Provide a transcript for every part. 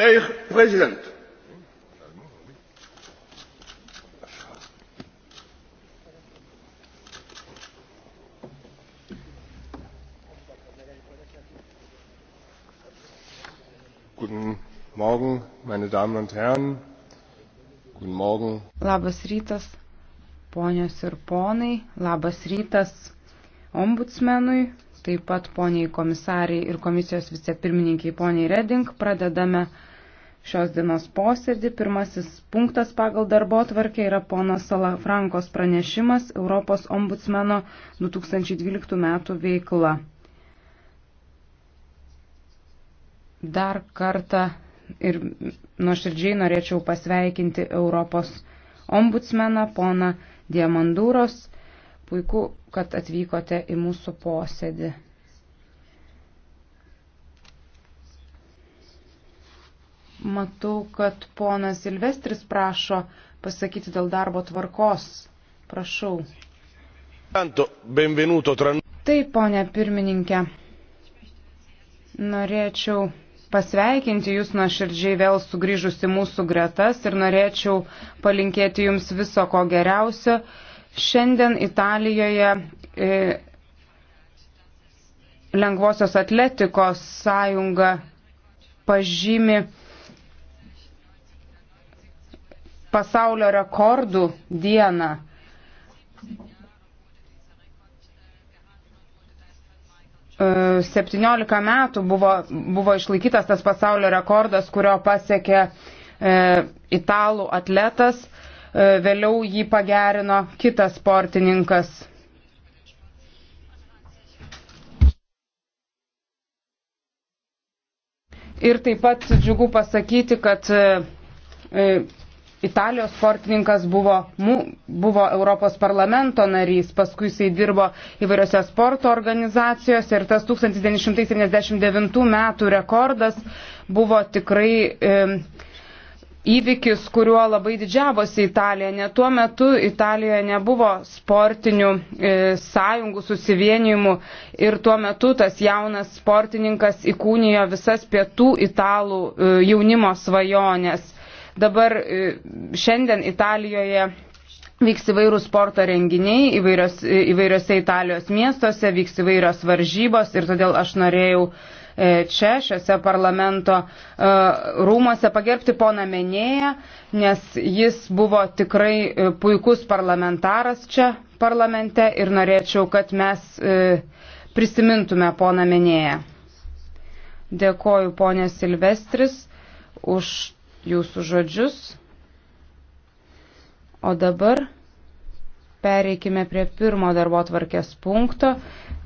Dear President, Guten Morgen, meine Damen und Herren. Guten Morgen. Labas rytas, ponios ir ponai. Labas rytas ombudsmenui, taip pat poniai komisariai ir komisijos vicepirmininkiai poniai Reding. Pradedame šios dienos posėdį. Pirmasis punktas pagal darbo tvarkę yra pono Salafrankos pranešimas Europos ombudsmeno 2012 metų veikla. Dar kartą ir nuoširdžiai norėčiau pasveikinti Europos ombudsmeną poną Diamandūros. Puiku, kad atvykote į mūsų posėdį. Matau, kad ponas Silvestris prašo pasakyti dėl darbo tvarkos. Prašau. Taip, ponė pirmininkė. Norėčiau pasveikinti Jūs nuoširdžiai vėl sugrįžus į mūsų gretas ir norėčiau palinkėti Jums viso ko geriausio. Šiandien Italijoje e, Lengvosios atletikos sąjunga pažymi pasaulio rekordų dieną. E, 17 metų buvo, buvo išlaikytas tas pasaulio rekordas, kurio pasiekė e, italų atletas, e, vėliau jį pagerino kitas sportininkas. Ir taip pat džiugu pasakyti, kad e, e Italijos sportininkas buvo, mu, buvo Europos parlamento narys, paskui jisai dirbo įvairiose sporto organizacijose ir tas 1979 metų rekordas buvo tikrai e, įvykis, kuriuo labai didžiavosi Italija. Net tuo metu Italijoje nebuvo sportinių e, sąjungų susivienimų ir tuo metu tas jaunas sportininkas įkūnijo visas pietų italų e, jaunimo svajonės Dabar e, šiandien Italijoje Vyks įvairūs sporto renginiai, įvairios, e, įvairiose Italijos miestuose vyks įvairios varžybos ir todėl aš norėjau e, čia, šiuose parlamento rūmose pagerbti poną Menėją, nes jis buvo tikrai puikus parlamentaras čia parlamente ir norėčiau, kad mes prisimintume poną Menėją. Dėkoju ponė Silvestris už jūsų žodžius. O dabar pereikime prie pirmo darbo tvarkės punkto.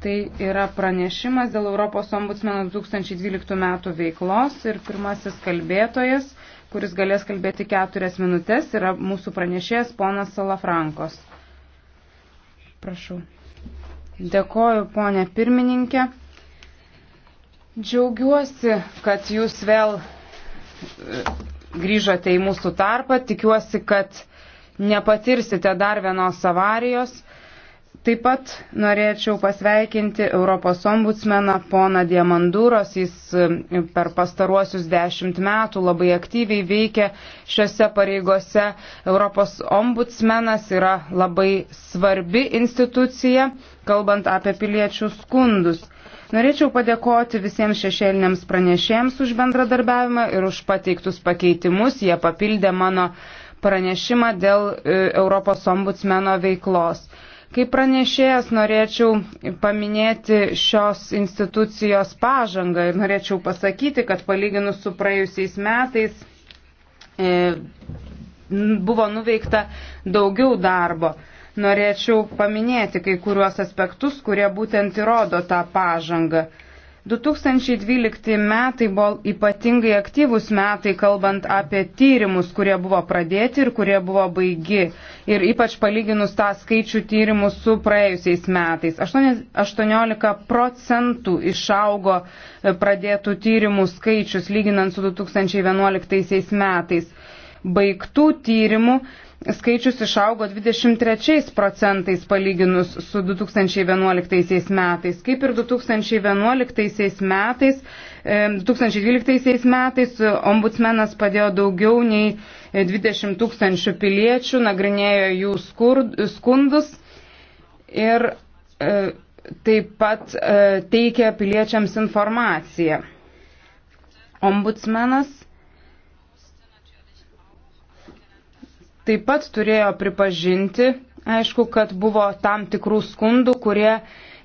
Tai yra pranešimas dėl Europos ombudsmeno 2012 metų veiklos ir pirmasis kalbėtojas, kuris galės kalbėti keturias minutės, yra mūsų pranešėjas ponas Salafrankos. Prašau. Dėkoju, ponė pirmininkė. Džiaugiuosi, kad jūs vėl grįžote į mūsų tarpą. Tikiuosi, kad nepatirsite dar vienos avarijos. Taip pat norėčiau pasveikinti Europos ombudsmeną poną Diamandūros. Jis e, per pastaruosius dešimt metų labai aktyviai veikia šiuose pareigose. Europos ombudsmenas yra labai svarbi institucija, kalbant apie piliečių skundus. Norėčiau padėkoti visiems šešėliniams pranešėjams už bendradarbiavimą ir už pateiktus pakeitimus. Jie papildė mano pranešimą dėl e, Europos ombudsmeno veiklos. Kaip pranešėjas norėčiau paminėti šios institucijos pažangą ir norėčiau pasakyti, kad palyginus su praėjusiais metais e, buvo nuveikta daugiau darbo norėčiau paminėti kai kuriuos aspektus, kurie būtent įrodo tą pažangą. 2012 metai buvo ypatingai aktyvus metai, kalbant apie tyrimus, kurie buvo pradėti ir kurie buvo baigi. Ir ypač palyginus tą skaičių tyrimų su praėjusiais metais. 18 procentų išaugo e, pradėtų tyrimų skaičius lyginant su 2011 metais. Baigtų tyrimų skaičius išaugo 23 procentais palyginus su 2011 metais. Kaip ir 2011 metais, 2012 e, metais ombudsmenas padėjo daugiau nei 20 tūkstančių piliečių, nagrinėjo jų skundus ir e, taip pat e, teikia piliečiams informaciją. Ombudsmenas taip pat turėjo pripažinti, aišku, kad buvo tam tikrų skundų, kurie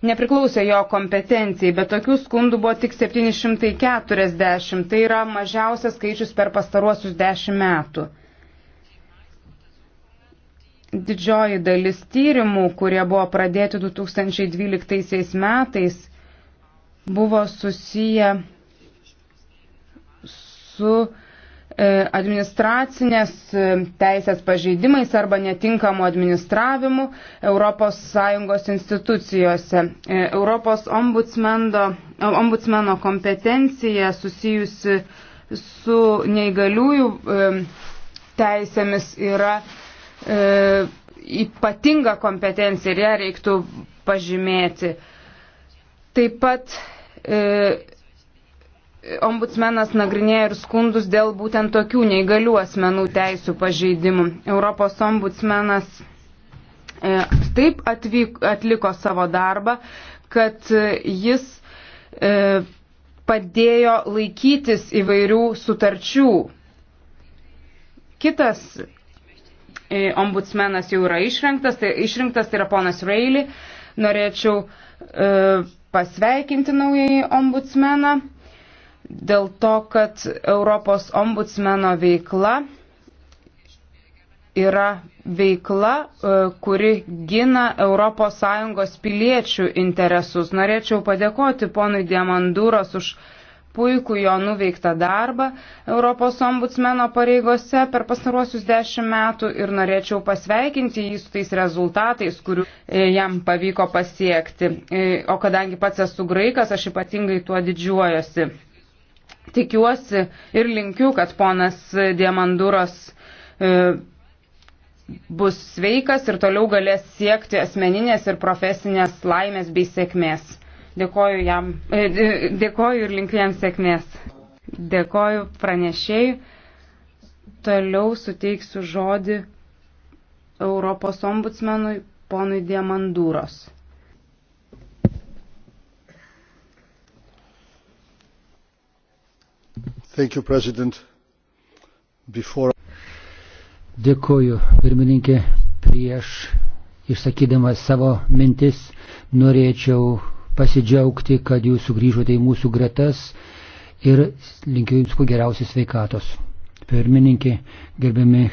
nepriklausė jo kompetencijai, bet tokių skundų buvo tik 740, tai yra mažiausias skaičius per pastaruosius 10 metų. Didžioji dalis tyrimų, kurie buvo pradėti 2012 metais, buvo susiję su E, administracinės e, teisės pažeidimais arba netinkamu administravimu ES institucijose. E, Europos ombudsmeno kompetencija susijusi su neįgaliųjų teisėmis yra ypatinga kompetencija ir ją reiktų pažymėti. Taip pat ombudsmenas nagrinėja ir skundus dėl būtent tokių neįgalių asmenų teisų pažeidimų. Europos ombudsmenas e, taip atvyk, atliko savo darbą, kad jis e, padėjo laikytis įvairių sutarčių. Kitas e, ombudsmenas jau yra išrinktas, tai išrinktas tai yra ponas Reilly. Norėčiau e, pasveikinti naująjį ombudsmeną dėl to, kad Europos ombudsmeno veikla yra veikla, e, kuri gina ES piliečių interesus. Norėčiau padėkoti ponui Diamandūros už puikų jo nuveiktą darbą Europos ombudsmeno pareigose per pastaruosius dešimt metų ir norėčiau pasveikinti jį su tais rezultatais, kurių e, jam pavyko pasiekti. E, o kadangi pats esu graikas, aš ypatingai tuo didžiuojosi tikiuosi ir linkiu, kad ponas Diemanduros e, bus sveikas ir toliau galės siekti asmeninės ir profesinės laimės bei sėkmės. Dėkoju, jam, e, e, dėkoju ir linkiu jam sėkmės. Dėkoju pranešėjai. Toliau suteiksiu žodį Europos ombudsmenui ponui Diamandūros. Thank you, President. Before... Dėkuoju, pirmininkė, prieš išsakydamas savo mintis norėčiau pasidžiaugti, kad jūs sugrįžote į mūsų gretas ir linkiu jums kuo geriausios sveikatos. Pirmininkė, gerbiami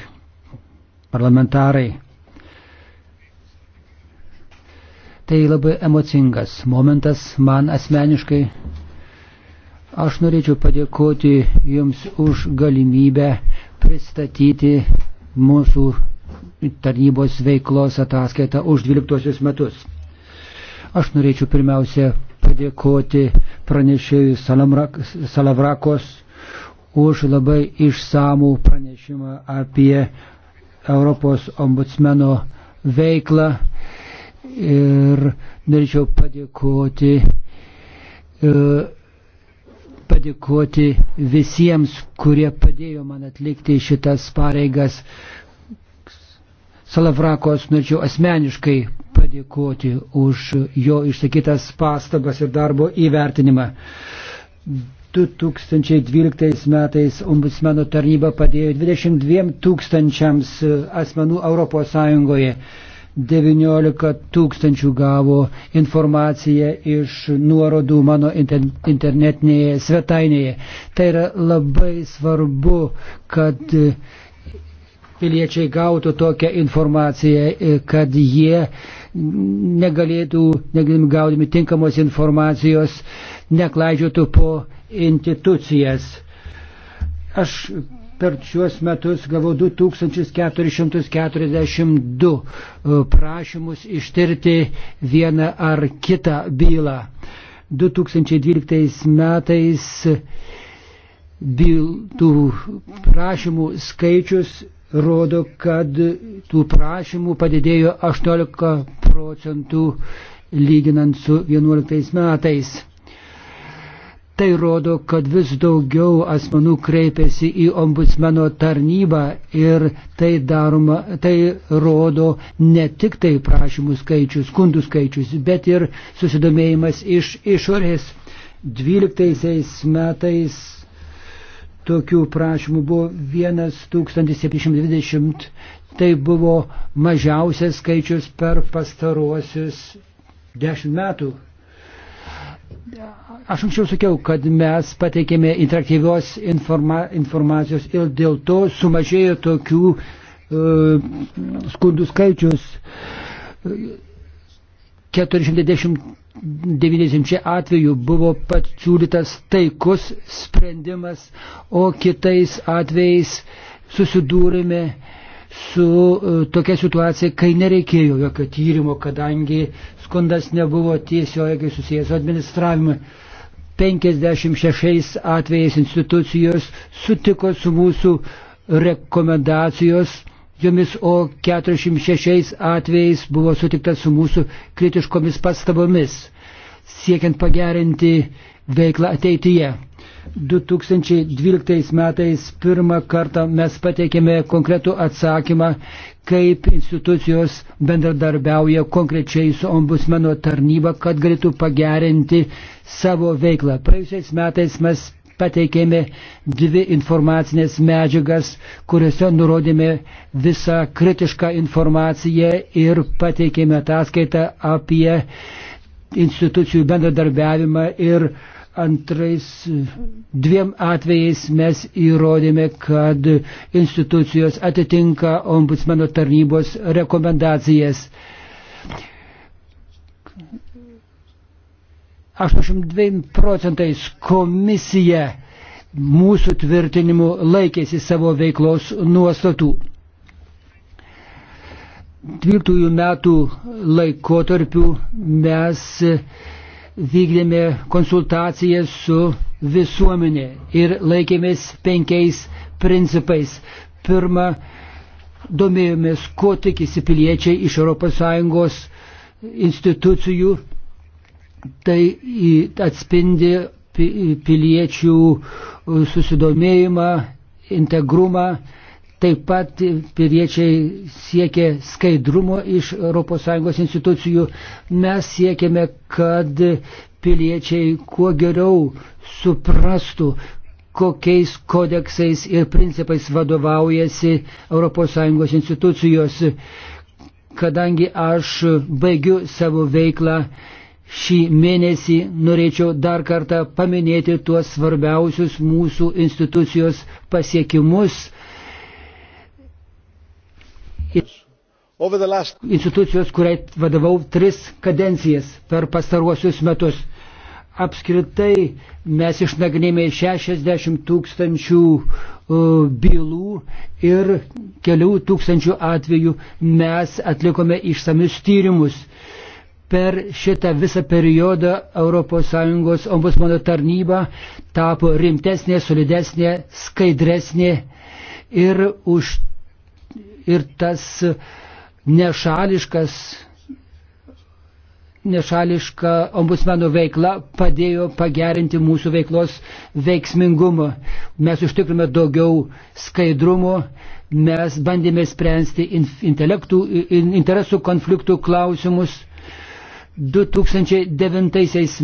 parlamentarai. Tai labai emocingas momentas man asmeniškai Aš norėčiau padėkoti Jums už galimybę pristatyti mūsų tarnybos veiklos ataskaitą už 12 metus. Aš norėčiau pirmiausia padėkoti pranešėjui Salavrakos už labai išsamų pranešimą apie Europos ombudsmeno veiklą ir norėčiau padėkoti uh, padėkoti visiems, kurie padėjo man atlikti šitas pareigas. Salavrakos norėčiau asmeniškai padėkoti už jo išsakytas pastabas ir darbo įvertinimą. 2012 metais ombudsmeno tarnyba padėjo 22 tūkstančiams asmenų Europos Sąjungoje. 19 tūkstančių gavo informaciją iš nuorodų mano internetinėje svetainėje. Tai yra labai svarbu, kad e, piliečiai gautų tokią informaciją, e, kad jie negalėtų, negalėdami gaudami tinkamos informacijos, neklaidžiotų po institucijas. Aš per šiuos metus gavau 2442 e, prašymus ištirti vieną ar kitą bylą. 2012 metais tų prašymų skaičius rodo, kad tų prašymų padidėjo 18 procentų lyginant su 2011 metais. Tai rodo, kad vis daugiau asmenų kreipiasi į ombudsmeno tarnybą ir tai, daroma, tai rodo ne tik tai prašymų skaičius, skundų skaičius, bet ir susidomėjimas iš išorės. 12 metais tokių prašymų buvo 1720, tai buvo mažiausias skaičius per pastaruosius 10 metų. Aš anksčiau sakiau, kad mes pateikėme interaktyvios informa informacijos ir dėl to sumažėjo tokių uh, skundų skaičius. 490 atveju buvo pasiūlytas taikus sprendimas, o kitais atvejais susidūrėme su e, tokia situacija, kai nereikėjo jokio tyrimo, kadangi skundas nebuvo tiesiogiai susijęs su administravimu. 56 atvejais institucijos sutiko su mūsų rekomendacijos jomis, o 46 atvejais buvo sutikta su mūsų kritiškomis pastabomis, siekiant pagerinti veiklą ateityje. 2012 metais pirmą kartą mes pateikėme konkretų atsakymą, kaip institucijos bendradarbiauja konkrečiai su ombudsmeno tarnyba, kad galėtų pagerinti savo veiklą. Praėjusiais metais mes pateikėme dvi informacinės medžiagas, kuriuose nurodėme visą kritišką informaciją ir pateikėme ataskaitą apie institucijų bendradarbiavimą ir uh, Antrais dviem atvejais mes įrodėme, kad institucijos atitinka ombudsmeno tarnybos rekomendacijas. 82 procentais komisija mūsų tvirtinimu laikėsi savo veiklos nuostatų. 12 metų laikotarpiu mes vykdėme konsultacijas su visuomenė ir laikėmės penkiais principais. Pirma, domėjomės, ko tikisi piliečiai iš ES institucijų. Tai atspindi piliečių susidomėjimą, integrumą Taip pat piliečiai siekia skaidrumo iš ES institucijų. Mes siekiame, kad piliečiai kuo geriau suprastų, kokiais kodeksais ir principais vadovaujasi ES institucijos. Kadangi aš baigiu savo veiklą šį mėnesį, norėčiau dar kartą paminėti tuos svarbiausius mūsų institucijos pasiekimus institucijos, kuriai vadovau tris kadencijas per pastaruosius metus. Apskritai mes išnagrinėjome 60 tūkstančių e, bylų ir kelių tūkstančių atvejų mes atlikome išsamius tyrimus. Per šitą visą periodą ES ombudsmano tarnyba tapo rimtesnė, solidesnė, skaidresnė ir už ir tas nešališkas, nešališka ombudsmeno veikla padėjo pagerinti mūsų veiklos veiksmingumą. Mes užtikrime daugiau skaidrumo, mes bandėme spręsti interesų konfliktų klausimus. 2009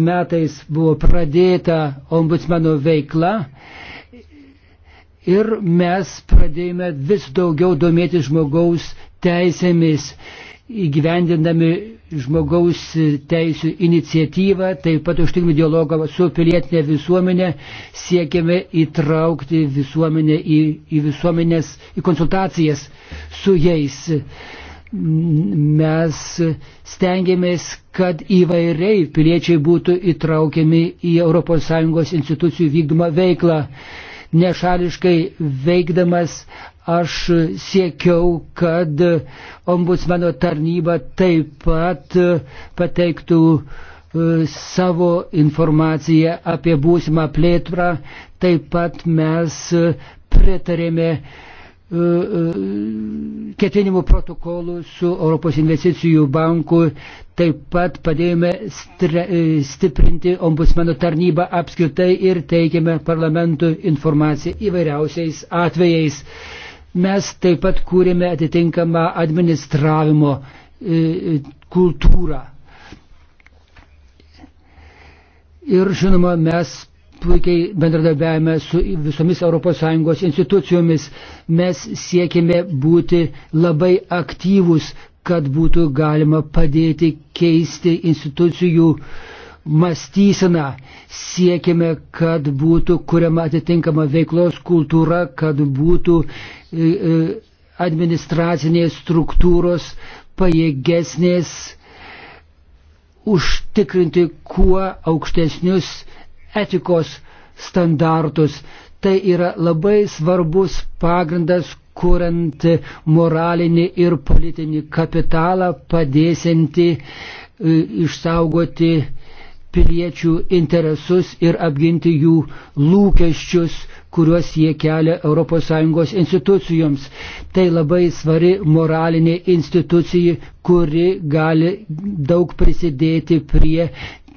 metais buvo pradėta ombudsmeno veikla ir mes pradėjome vis daugiau domėti žmogaus teisėmis, įgyvendindami žmogaus teisų iniciatyvą, taip pat užtikrinti dialogą su pilietinė visuomenė, siekėme įtraukti visuomenę į, į visuomenės, į konsultacijas su jais. Mes stengiamės, kad įvairiai piliečiai būtų įtraukiami į ES institucijų vykdomą veiklą nešališkai veikdamas aš siekiau, kad ombudsmeno tarnyba taip pat pateiktų e, savo informaciją apie būsimą plėtrą. Taip pat mes e, pritarėme E, e, ketinimų protokolų su Europos investicijų banku, taip pat padėjome stre, e, stiprinti ombudsmeno tarnybą apskritai ir teikėme parlamentui informaciją įvairiausiais atvejais. Mes taip pat kūrėme atitinkamą administravimo kultūrą. Ir žinoma, mes puikiai bendradarbiavame su visomis ES institucijomis. Mes siekime būti labai aktyvus, kad būtų galima padėti keisti institucijų mąstyseną. Siekime, kad būtų kuriama atitinkama veiklos kultūra, kad būtų e, e, administracinės struktūros pajėgesnės užtikrinti kuo aukštesnius etikos standartus. Tai yra labai svarbus pagrindas, kuriant moralinį ir politinį kapitalą, padėsinti e, išsaugoti piliečių interesus ir apginti jų lūkesčius, kuriuos jie kelia ES institucijoms. Tai labai svari moralinė institucija, kuri gali daug prisidėti prie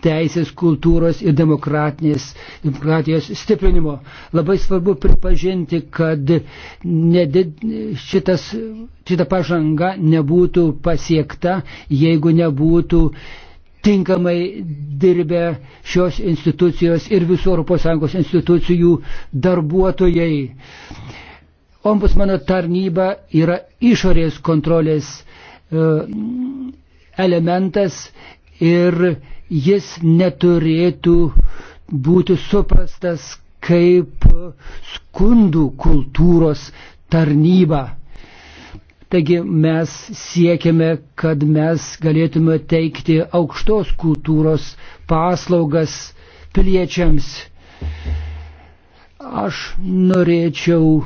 teisės, kultūros ir demokratijos stiprinimo. Labai svarbu pripažinti, kad nedid, šitas, šita pažanga nebūtų pasiekta, jeigu nebūtų tinkamai dirbę šios institucijos ir visų ES institucijų darbuotojai. Ombudsmano tarnyba yra išorės kontrolės e, elementas ir jis neturėtų būti suprastas kaip skundų kultūros tarnyba. Taigi mes siekiame, kad mes galėtume teikti aukštos kultūros paslaugas piliečiams. Aš norėčiau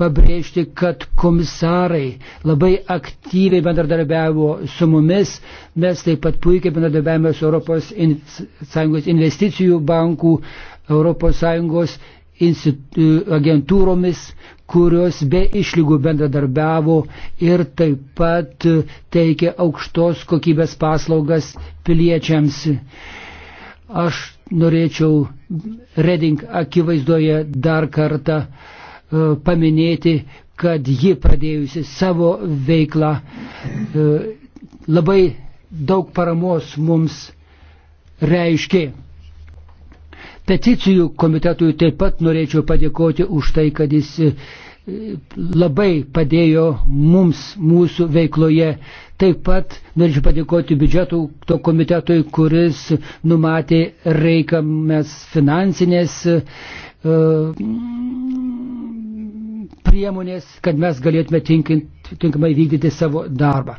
pabrėžti, kad komisarai labai aktyviai bendradarbiavo su mumis, mes taip pat puikiai bendradarbiavome su ES in, investicijų bankų, ES agentūromis, kurios be išlygų bendradarbiavo ir taip pat teikė aukštos kokybės paslaugas piliečiams. Aš norėčiau Reding akivaizdoje dar kartą uh, E, paminėti, kad ji pradėjusi savo veiklą e, labai daug paramos mums reiškė. Peticijų komitetui taip pat norėčiau padėkoti už tai, kad jis e, labai padėjo mums mūsų veikloje. Taip pat norėčiau padėkoti biudžetų to komitetui, kuris numatė reikamės finansinės uh, priemonės, kad mes galėtume tinkint, tinkamai vykdyti savo darbą.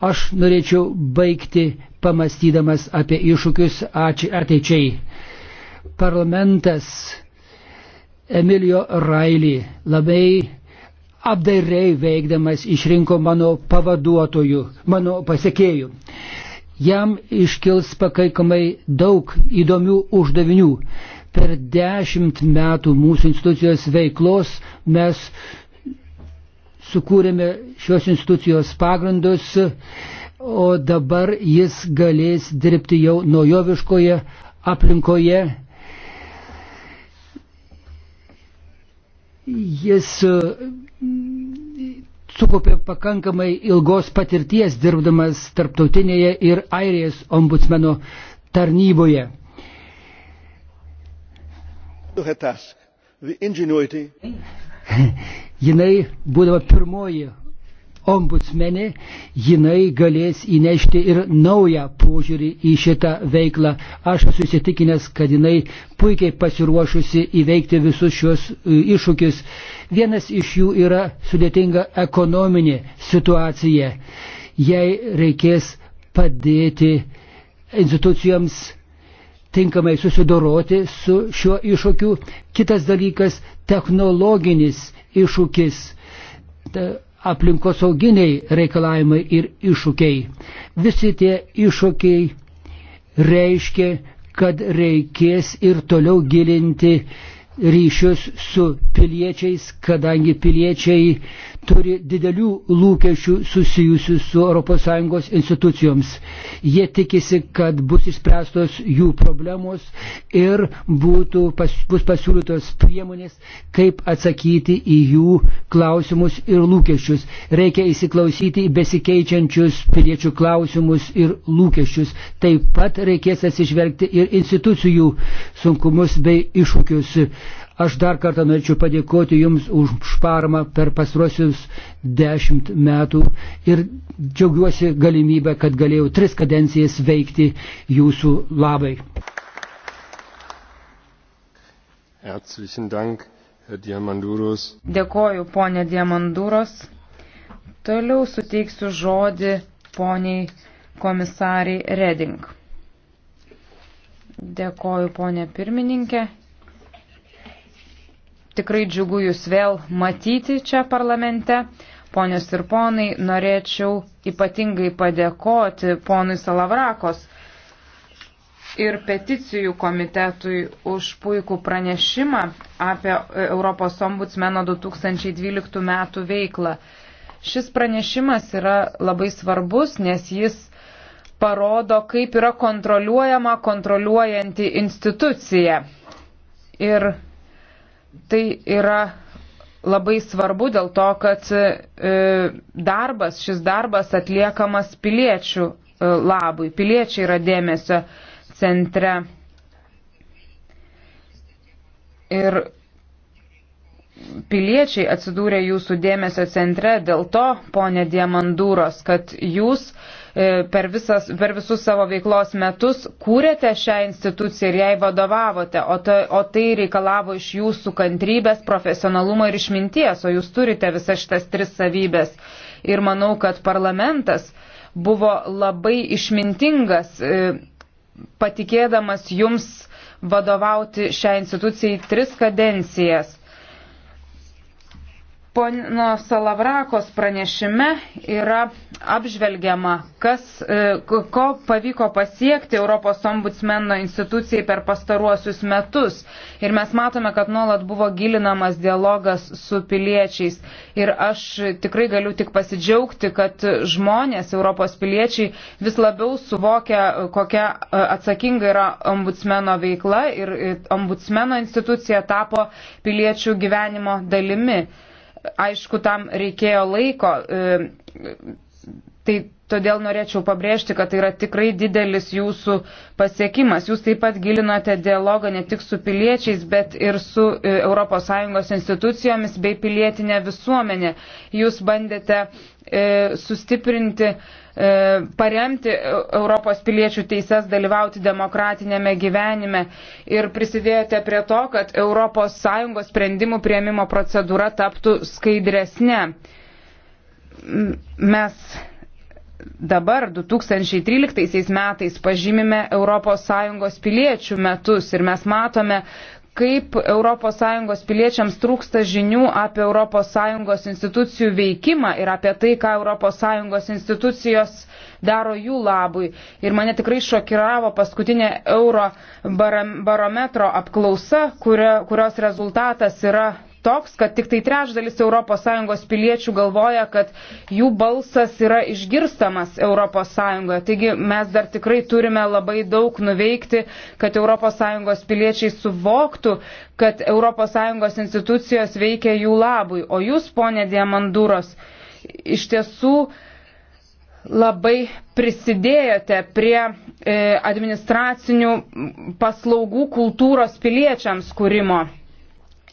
Aš norėčiau baigti pamastydamas apie iššūkius ateičiai. Parlamentas Emilio Railį labai apdairiai veikdamas išrinko mano pavaduotojų, mano pasiekėjų. Jam iškils pakankamai daug įdomių uždavinių Per dešimt metų mūsų institucijos veiklos mes sukūrėme šios institucijos pagrindus, o dabar jis galės dirbti jau naujoviškoje aplinkoje. Jis mm, sukaupė pakankamai ilgos patirties dirbdamas tarptautinėje ir Airijos ombudsmeno tarnyboje. jinai, būdama pirmoji ombudsmenė, jinai galės įnešti ir naują požiūrį į šitą veiklą. Aš esu įsitikinęs, kad jinai puikiai pasiruošusi įveikti visus šios e, iššūkius. Vienas iš jų yra sudėtinga ekonominė situacija. Jei reikės padėti institucijoms tinkamai susidoroti su šiuo iššūkiu. Kitas dalykas - technologinis iššūkis, aplinkosauginiai reikalavimai ir iššūkiai. Visi tie iššūkiai reiškia, kad reikės ir toliau gilinti ryšius su piliečiais, kadangi piliečiai turi didelių lūkesčių susijusių su ES institucijoms. Jie tikisi, kad bus išspręstos jų problemos ir būtų, pas, bus pasiūlytos priemonės, kaip atsakyti į jų klausimus ir lūkesčius. Reikia įsiklausyti į besikeičiančius piliečių klausimus ir lūkesčius. Taip pat reikės atsižvelgti ir institucijų sunkumus bei iššūkius Aš dar kartą norėčiau padėkoti Jums už paramą per pastruosius dešimt metų ir džiaugiuosi galimybę, kad galėjau tris kadencijas veikti Jūsų labai. Dėkoju, ponė Diamanduros. Toliau suteiksiu žodį poniai komisariai Reding. Dėkoju, ponė pirmininkė tikrai džiugu Jūs vėl matyti čia parlamente. Ponios ir ponai, norėčiau ypatingai padėkoti ponui Salavrakos ir peticijų komitetui už puikų pranešimą apie Europos ombudsmeno 2012 metų veiklą. Šis pranešimas yra labai svarbus, nes jis parodo, kaip yra kontroliuojama kontroliuojanti institucija. Ir Tai yra labai svarbu dėl to, kad e, darbas, šis darbas atliekamas piliečių e, labui. Piliečiai yra dėmesio centre. Ir piliečiai atsidūrė jūsų dėmesio centre dėl to, ponė Diamandūros, kad jūs uh, E, per, visas, per visus savo veiklos metus kūrėte šią instituciją ir jai vadovavote, o tai, o tai reikalavo iš jūsų kantrybės, profesionalumo ir išminties, o jūs turite visas šitas tris savybės. Ir manau, kad parlamentas buvo labai išmintingas, e, patikėdamas jums vadovauti šią instituciją tris kadencijas. Pono Salavrakos pranešime yra apžvelgiama, kas, e, ko pavyko pasiekti Europos ombudsmeno institucijai per pastaruosius metus. Ir mes matome, kad nuolat buvo gilinamas dialogas su piliečiais. Ir aš tikrai galiu tik pasidžiaugti, kad žmonės, Europos piliečiai, vis labiau suvokia, kokia e, atsakinga yra ombudsmeno veikla ir e, ombudsmeno institucija tapo piliečių gyvenimo dalimi. Aišku, tam reikėjo laiko. E, tai todėl norėčiau pabrėžti, kad tai yra tikrai didelis jūsų pasiekimas. Jūs taip pat gilinote dialogą ne tik su piliečiais, bet ir su ES institucijomis bei pilietinė visuomenė. Jūs bandėte e, sustiprinti E, paremti e, Europos piliečių teises dalyvauti demokratinėme gyvenime ir prisidėjote prie to, kad ES sprendimų prieimimo procedūra taptų skaidresnė. Mes dabar 2013 metais pažymime ES piliečių metus ir mes matome, kaip ES piliečiams trūksta žinių apie ES institucijų veikimą ir apie tai, ką ES institucijos daro jų labui. Ir mane tikrai šokiravo paskutinė euro barometro apklausa, kurio, kurios rezultatas yra toks, kad tik tai trečdalis ES piliečių galvoja, kad jų balsas yra išgirstamas ES. Taigi mes dar tikrai turime labai daug nuveikti, kad ES piliečiai suvoktų, kad ES institucijos veikia jų labui. O jūs, ponė Diamanduros, iš tiesų labai prisidėjote prie e, administracinių paslaugų kultūros piliečiams kūrimo.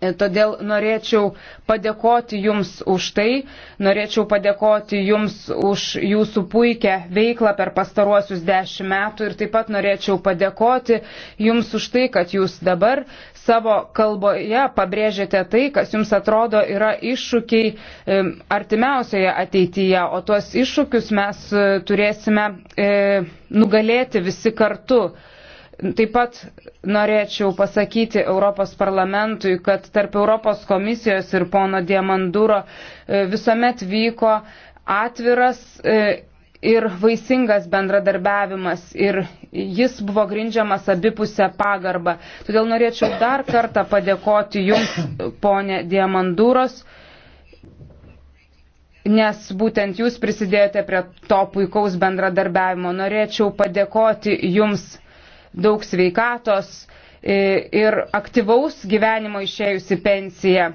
E, todėl norėčiau padėkoti Jums už tai, norėčiau padėkoti Jums už Jūsų puikią veiklą per pastaruosius dešimt metų ir taip pat norėčiau padėkoti Jums už tai, kad Jūs dabar savo kalboje pabrėžėte tai, kas Jums atrodo yra iššūkiai e, artimiausioje ateityje, o tuos iššūkius mes e, turėsime nugalėti visi kartu. Taip pat norėčiau pasakyti Europos parlamentui, kad tarp Europos komisijos ir pono Diamanduro e, visuomet vyko atviras e, ir vaisingas bendradarbiavimas ir jis buvo grindžiamas abipusę pagarbą. Todėl norėčiau dar kartą padėkoti Jums, ponė Diamanduros, nes būtent Jūs prisidėjote prie to puikaus bendradarbiavimo. Norėčiau padėkoti Jums daug sveikatos ir aktyvaus gyvenimo išėjusi pensija.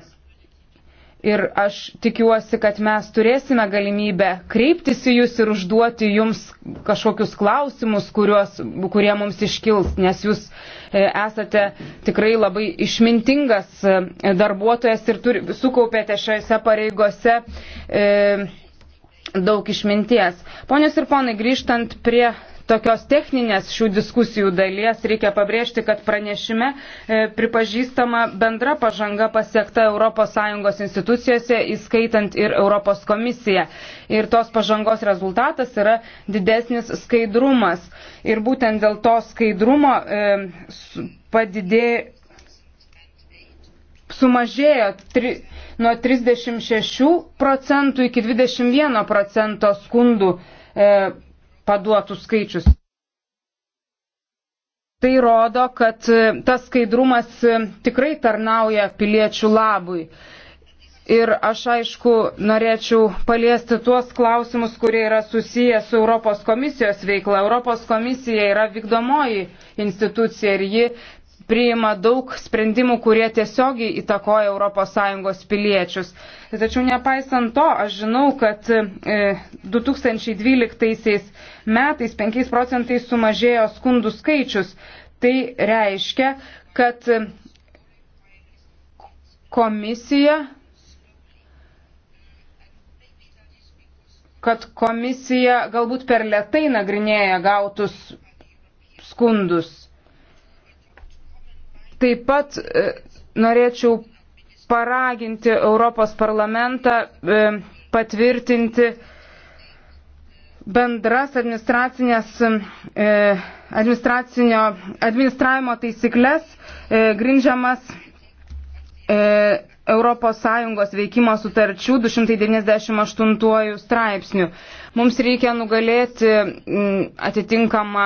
Ir aš tikiuosi, kad mes turėsime galimybę kreiptis į jūs ir užduoti jums kažkokius klausimus, kuriuos, kurie mums iškils, nes jūs e, esate tikrai labai išmintingas e, darbuotojas ir turi, sukaupėte šiose pareigose e, daug išminties. Ponios ir ponai, grįžtant prie tokios techninės šių diskusijų dalies reikia pabrėžti, kad pranešime e, pripažįstama bendra pažanga pasiekta ES institucijose, įskaitant ir Europos komisiją. Ir tos pažangos rezultatas yra didesnis skaidrumas. Ir būtent dėl to skaidrumo e, padidėjo sumažėjo tri, nuo 36 procentų iki 21 procento skundų e, paduotų skaičius. Tai rodo, kad e, tas skaidrumas e, tikrai tarnauja piliečių labui. Ir aš aišku norėčiau paliesti tuos klausimus, kurie yra susiję su Europos komisijos veikla. Europos komisija yra vykdomoji institucija ir ji priima daug sprendimų, kurie tiesiogiai įtakoja ES piliečius. Tačiau nepaisant to, aš žinau, kad 2012 e, metais 5 procentais sumažėjo skundų skaičius. Tai reiškia, kad komisija kad komisija galbūt per lietai nagrinėja gautus skundus. Taip pat e, norėčiau paraginti Europos parlamentą e, patvirtinti bendras administracinės, e, administracinio, administravimo taisyklės grindžiamas ES veikimo sutarčių 298 straipsnių. Mums reikia nugalėti atitinkamą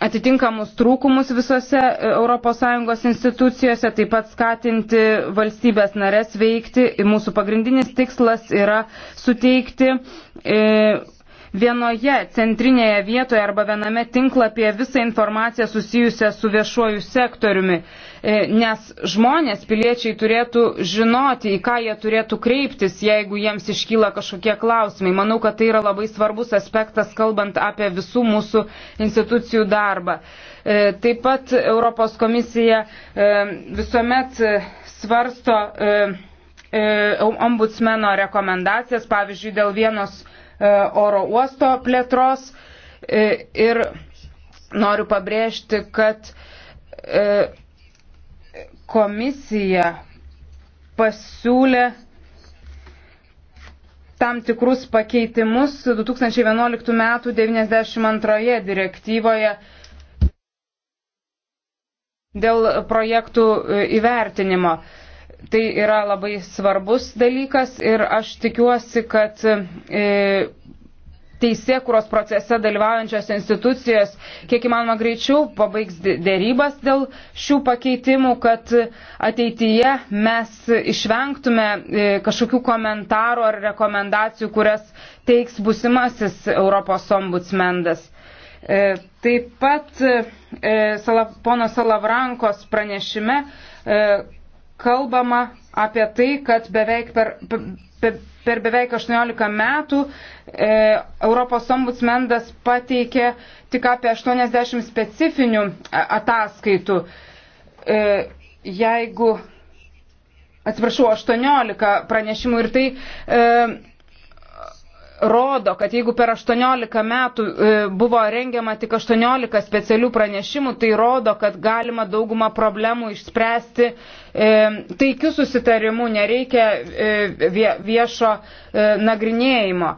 atitinkamus trūkumus visose ES institucijose, taip pat skatinti valstybės narės veikti. Mūsų pagrindinis tikslas yra suteikti e, vienoje centrinėje vietoje arba viename tinklapyje visą informaciją susijusią su viešuoju sektoriumi. E, nes žmonės, piliečiai turėtų žinoti, į ką jie turėtų kreiptis, jeigu jiems iškyla kažkokie klausimai. Manau, kad tai yra labai svarbus aspektas, kalbant apie visų mūsų institucijų darbą. E, taip pat Europos komisija e, visuomet svarsto ombudsmeno rekomendacijas, pavyzdžiui, dėl vienos oro uosto plėtros. Ir noriu pabrėžti, kad komisija pasiūlė tam tikrus pakeitimus 2011 m. 92 direktyvoje dėl projektų e, įvertinimo. Tai yra labai svarbus dalykas ir aš tikiuosi, kad e, teisėkuros procese dalyvaujančios institucijos kiek įmanoma greičiau pabaigs dėrybas dėl šių pakeitimų, kad ateityje mes išvengtume e, kažkokių komentarų ar rekomendacijų, kurias teiks busimasis Europos ombudsmendas. E, taip pat e, pono Salavrankos pranešime kalbama apie tai, kad beveik per, per, per per beveik 18 metų e, Europos ombudsmendas pateikė tik apie 80 specifinių e, ataskaitų. E, jeigu, atsiprašau, 18 pranešimų ir tai e, rodo, kad jeigu per 18 metų e, buvo rengiama tik 18 specialių pranešimų, tai rodo, kad galima daugumą problemų išspręsti e, taikių susitarimų, nereikia e, viešo nagrinėjimo.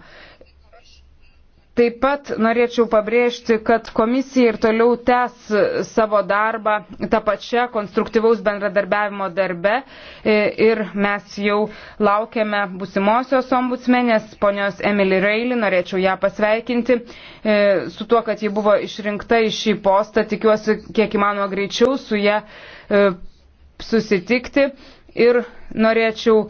Taip pat norėčiau pabrėžti, kad komisija ir toliau tęs savo darbą tą pačią konstruktyvaus bendradarbiavimo darbe e, ir mes jau laukiame busimosios ombudsmenės, ponios Emily Reilly, norėčiau ją pasveikinti e, su tuo, kad ji buvo išrinkta į šį postą, tikiuosi kiek įmanoma greičiau su ją e, susitikti ir norėčiau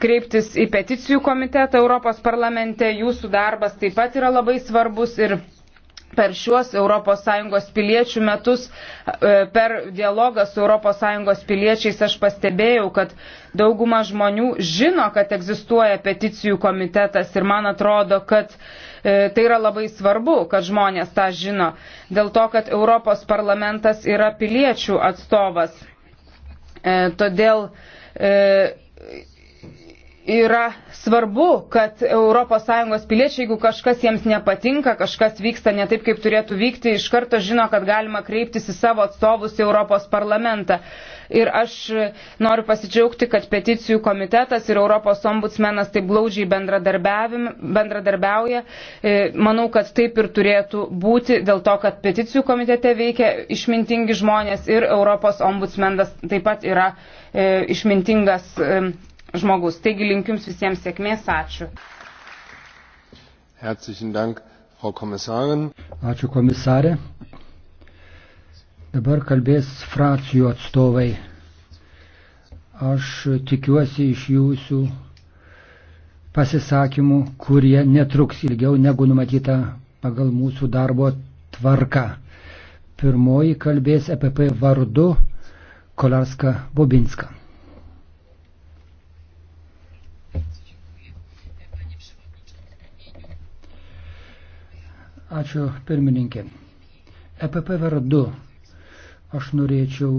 kreiptis į peticijų komitetą Europos parlamente. Jūsų darbas taip pat yra labai svarbus ir per šiuos ES piliečių metus, e, per dialogą su ES piliečiais aš pastebėjau, kad dauguma žmonių žino, kad egzistuoja peticijų komitetas ir man atrodo, kad e, tai yra labai svarbu, kad žmonės tą žino, dėl to, kad Europos parlamentas yra piliečių atstovas. E, todėl E, yra svarbu, kad ES piliečiai, jeigu kažkas jiems nepatinka, kažkas vyksta ne taip, kaip turėtų vykti, iš karto žino, kad galima kreiptis į savo atstovus į Europos parlamentą. Ir aš noriu pasidžiaugti, kad peticijų komitetas ir Europos ombudsmenas taip glaudžiai bendradarbiauja. E, manau, kad taip ir turėtų būti, dėl to, kad peticijų komitete veikia išmintingi žmonės ir Europos ombudsmenas taip pat yra e, išmintingas e, žmogus. Taigi linkiu Jums visiems sėkmės, ačiū. Herzlichen Dank, Frau Kommissarin. Ačiū komisarė. Dabar kalbės frakcijų atstovai. Aš tikiuosi iš jūsų pasisakymų, kurie netruks ilgiau negu numatyta pagal mūsų darbo tvarką. Pirmoji kalbės EPP vardu Kolarska Bobinska. Ačiū pirmininkė. EPP vardu aš norėčiau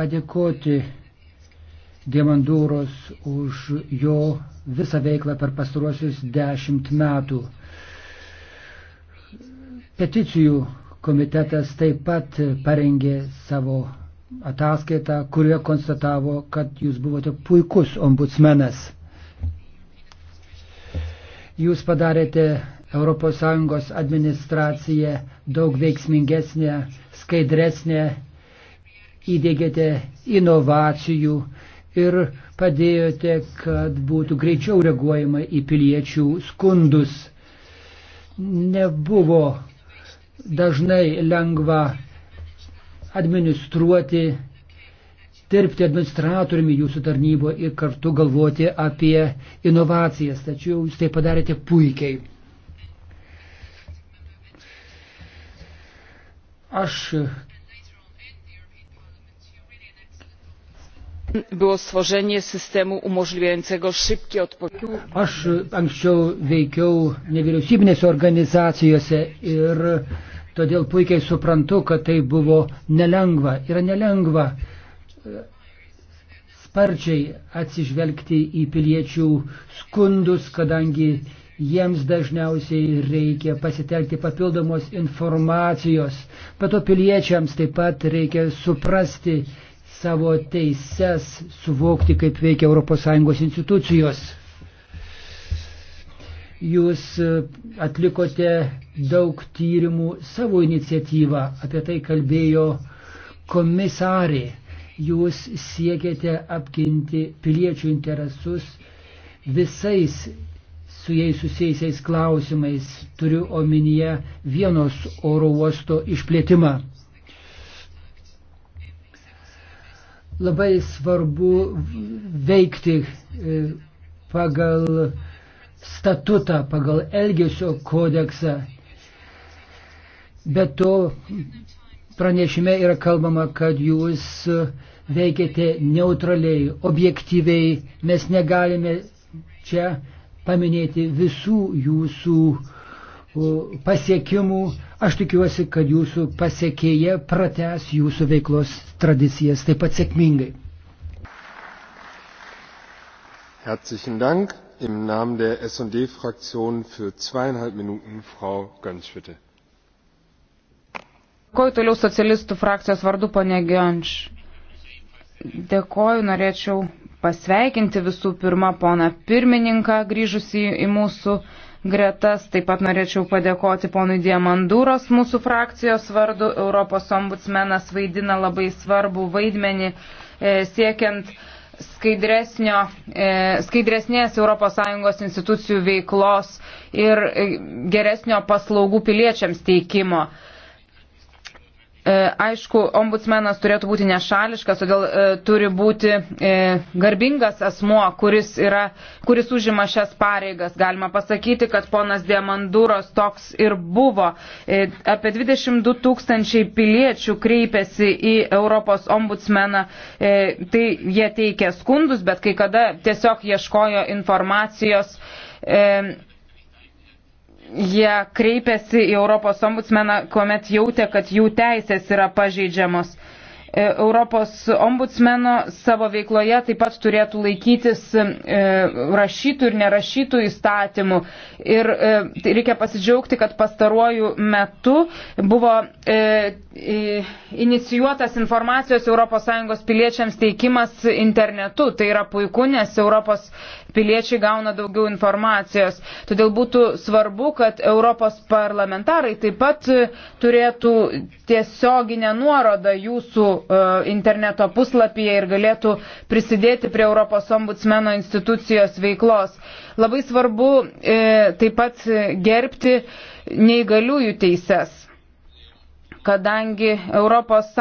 padėkoti Diamandūros už jo visą veiklą per pastaruosius dešimt metų. Peticijų komitetas taip pat parengė savo ataskaitą, kurioje konstatavo, kad jūs buvote puikus ombudsmenas. Jūs padarėte ES administraciją daug veiksmingesnė, skaidresnė, įdėgėte inovacijų ir padėjote, kad būtų greičiau reaguojama į piliečių skundus. Nebuvo dažnai lengva administruoti dirbti administratoriumi jūsų tarnyboje ir kartu galvoti apie inovacijas. Tačiau jūs tai padarėte puikiai. Aš. Buvo stworzenie sistemu umožliwiającego szybkie odpowiedzi. Aš anksčiau veikiau nevyriausybinėse organizacijose ir todėl puikiai suprantu, kad tai buvo nelengva. Yra nelengva uh, sparčiai atsižvelgti į piliečių skundus, kadangi jiems dažniausiai reikia pasitelkti papildomos informacijos. Bet to piliečiams taip pat reikia suprasti savo teises, suvokti, kaip veikia ES institucijos. Jūs e, atlikote daug tyrimų savo iniciatyvą, apie tai kalbėjo komisarė jūs siekiate apginti piliečių interesus visais su jais susijusiais klausimais, turiu omenyje vienos oro uosto išplėtimą. Labai svarbu veikti e, pagal statutą, pagal Elgesio kodeksą. Be to pranešime yra kalbama, kad jūs uh, veikėte neutraliai, objektyviai. Mes negalime čia paminėti visų jūsų pasiekimų. Aš tikiuosi, kad jūsų pasiekėja prates jūsų veiklos tradicijas taip pat sėkmingai. Herzlichen Dank. Im Namen der S&D Fraktion für zweieinhalb Minuten Frau Gönschwitte. Dėkoju toliau socialistų frakcijos vardu, ponė Gionč. Dėkoju, norėčiau pasveikinti visų pirma poną pirmininką grįžusį į mūsų gretas. Taip pat norėčiau padėkoti ponui Diamandūros mūsų frakcijos vardu. Europos ombudsmenas vaidina labai svarbų vaidmenį e, siekiant e, skaidresnės ES institucijų veiklos ir e, geresnio paslaugų piliečiams teikimo. E, aišku, ombudsmenas turėtų būti nešališkas, todėl e, turi būti e, garbingas asmuo, kuris, yra, kuris užima šias pareigas. Galima pasakyti, kad ponas Diamanduros toks ir buvo. E, apie 22 tūkstančiai piliečių kreipėsi į Europos ombudsmeną. E, tai jie teikė skundus, bet kai kada tiesiog ieškojo informacijos. E, jie kreipėsi į Europos ombudsmeną, kuomet jautė, kad jų teisės yra pažeidžiamos. E, Europos ombudsmeno savo veikloje taip pat turėtų laikytis e, rašytų ir nerašytų įstatymų. Ir e, tai reikia pasidžiaugti, kad pastaruoju metu buvo inicijuotas informacijos ES piliečiams teikimas internetu. Tai yra puiku, nes Europos piliečiai gauna daugiau informacijos. Todėl būtų svarbu, kad Europos parlamentarai taip pat turėtų tiesioginę nuorodą jūsų E, interneto puslapyje ir galėtų prisidėti prie Europos ombudsmeno institucijos veiklos. Labai svarbu e, taip pat gerbti neįgaliųjų teises kadangi ES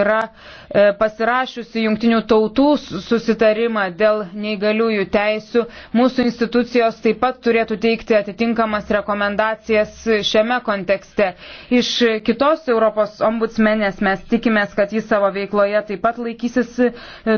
yra e, pasirašiusi jungtinių tautų susitarimą dėl neįgaliųjų teisių, mūsų institucijos taip pat turėtų teikti atitinkamas rekomendacijas šiame kontekste. Iš kitos Europos ombudsmenės mes tikimės, kad jis savo veikloje taip pat laikysis e,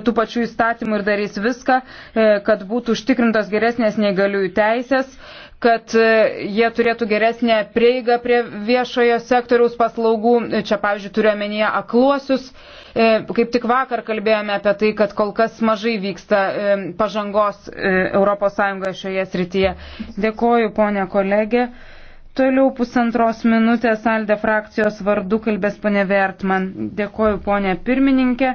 tų pačių įstatymų ir darys viską, e, kad būtų užtikrintos geresnės neįgaliųjų teisės kad e, jie turėtų geresnę prieigą prie viešojo sektoriaus paslaugų. Čia, pavyzdžiui, turiu omenyje akluosius. E, kaip tik vakar kalbėjome apie tai, kad kol kas mažai vyksta e, pažangos ES šioje srityje. Dėkoju, ponė kolegė. Toliau pusantros minutės Alde frakcijos vardu kalbės ponė Vertman. Dėkoju, ponė pirmininkė,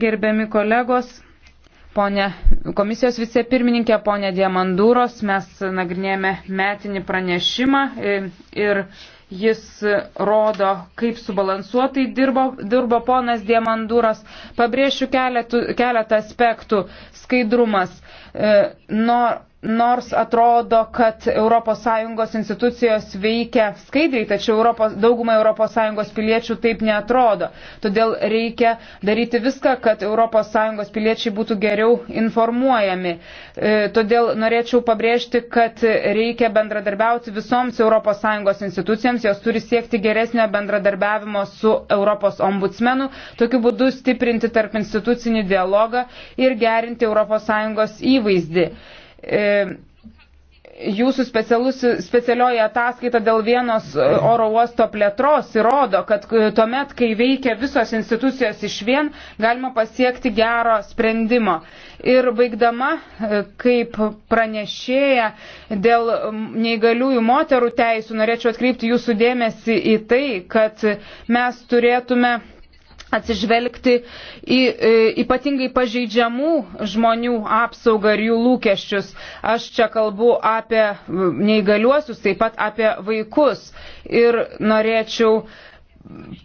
gerbiami kolegos. Pone komisijos vicepirmininkė, ponė Diamandūros, mes nagrinėjame metinį pranešimą e, ir jis rodo, kaip subalansuotai dirbo, dirbo ponas Diamandūros. Pabrėšiu keletų, keletą aspektų. Skaidrumas. E, nor, nors atrodo, kad ES institucijos veikia skaidriai, tačiau Europos, daugumai ES piliečių taip neatrodo. Todėl reikia daryti viską, kad ES piliečiai būtų geriau informuojami. E, todėl norėčiau pabrėžti, kad reikia bendradarbiauti visoms ES institucijoms, jos turi siekti geresnio bendradarbiavimo su Europos ombudsmenu, tokiu būdu stiprinti tarp institucinį dialogą ir gerinti ES įvaizdį. E, jūsų specialioji ataskaita dėl vienos e, oro uosto plėtros įrodo, kad e, tuomet, kai veikia visos institucijos iš vien, galima pasiekti gero sprendimo. Ir baigdama, kaip pranešėja dėl neįgaliųjų moterų teisų, norėčiau atkreipti jūsų dėmesį į tai, kad mes turėtume atsižvelgti į e, ypatingai pažeidžiamų žmonių apsaugą ir jų lūkesčius. Aš čia kalbu apie neįgaliuosius, taip pat apie vaikus ir norėčiau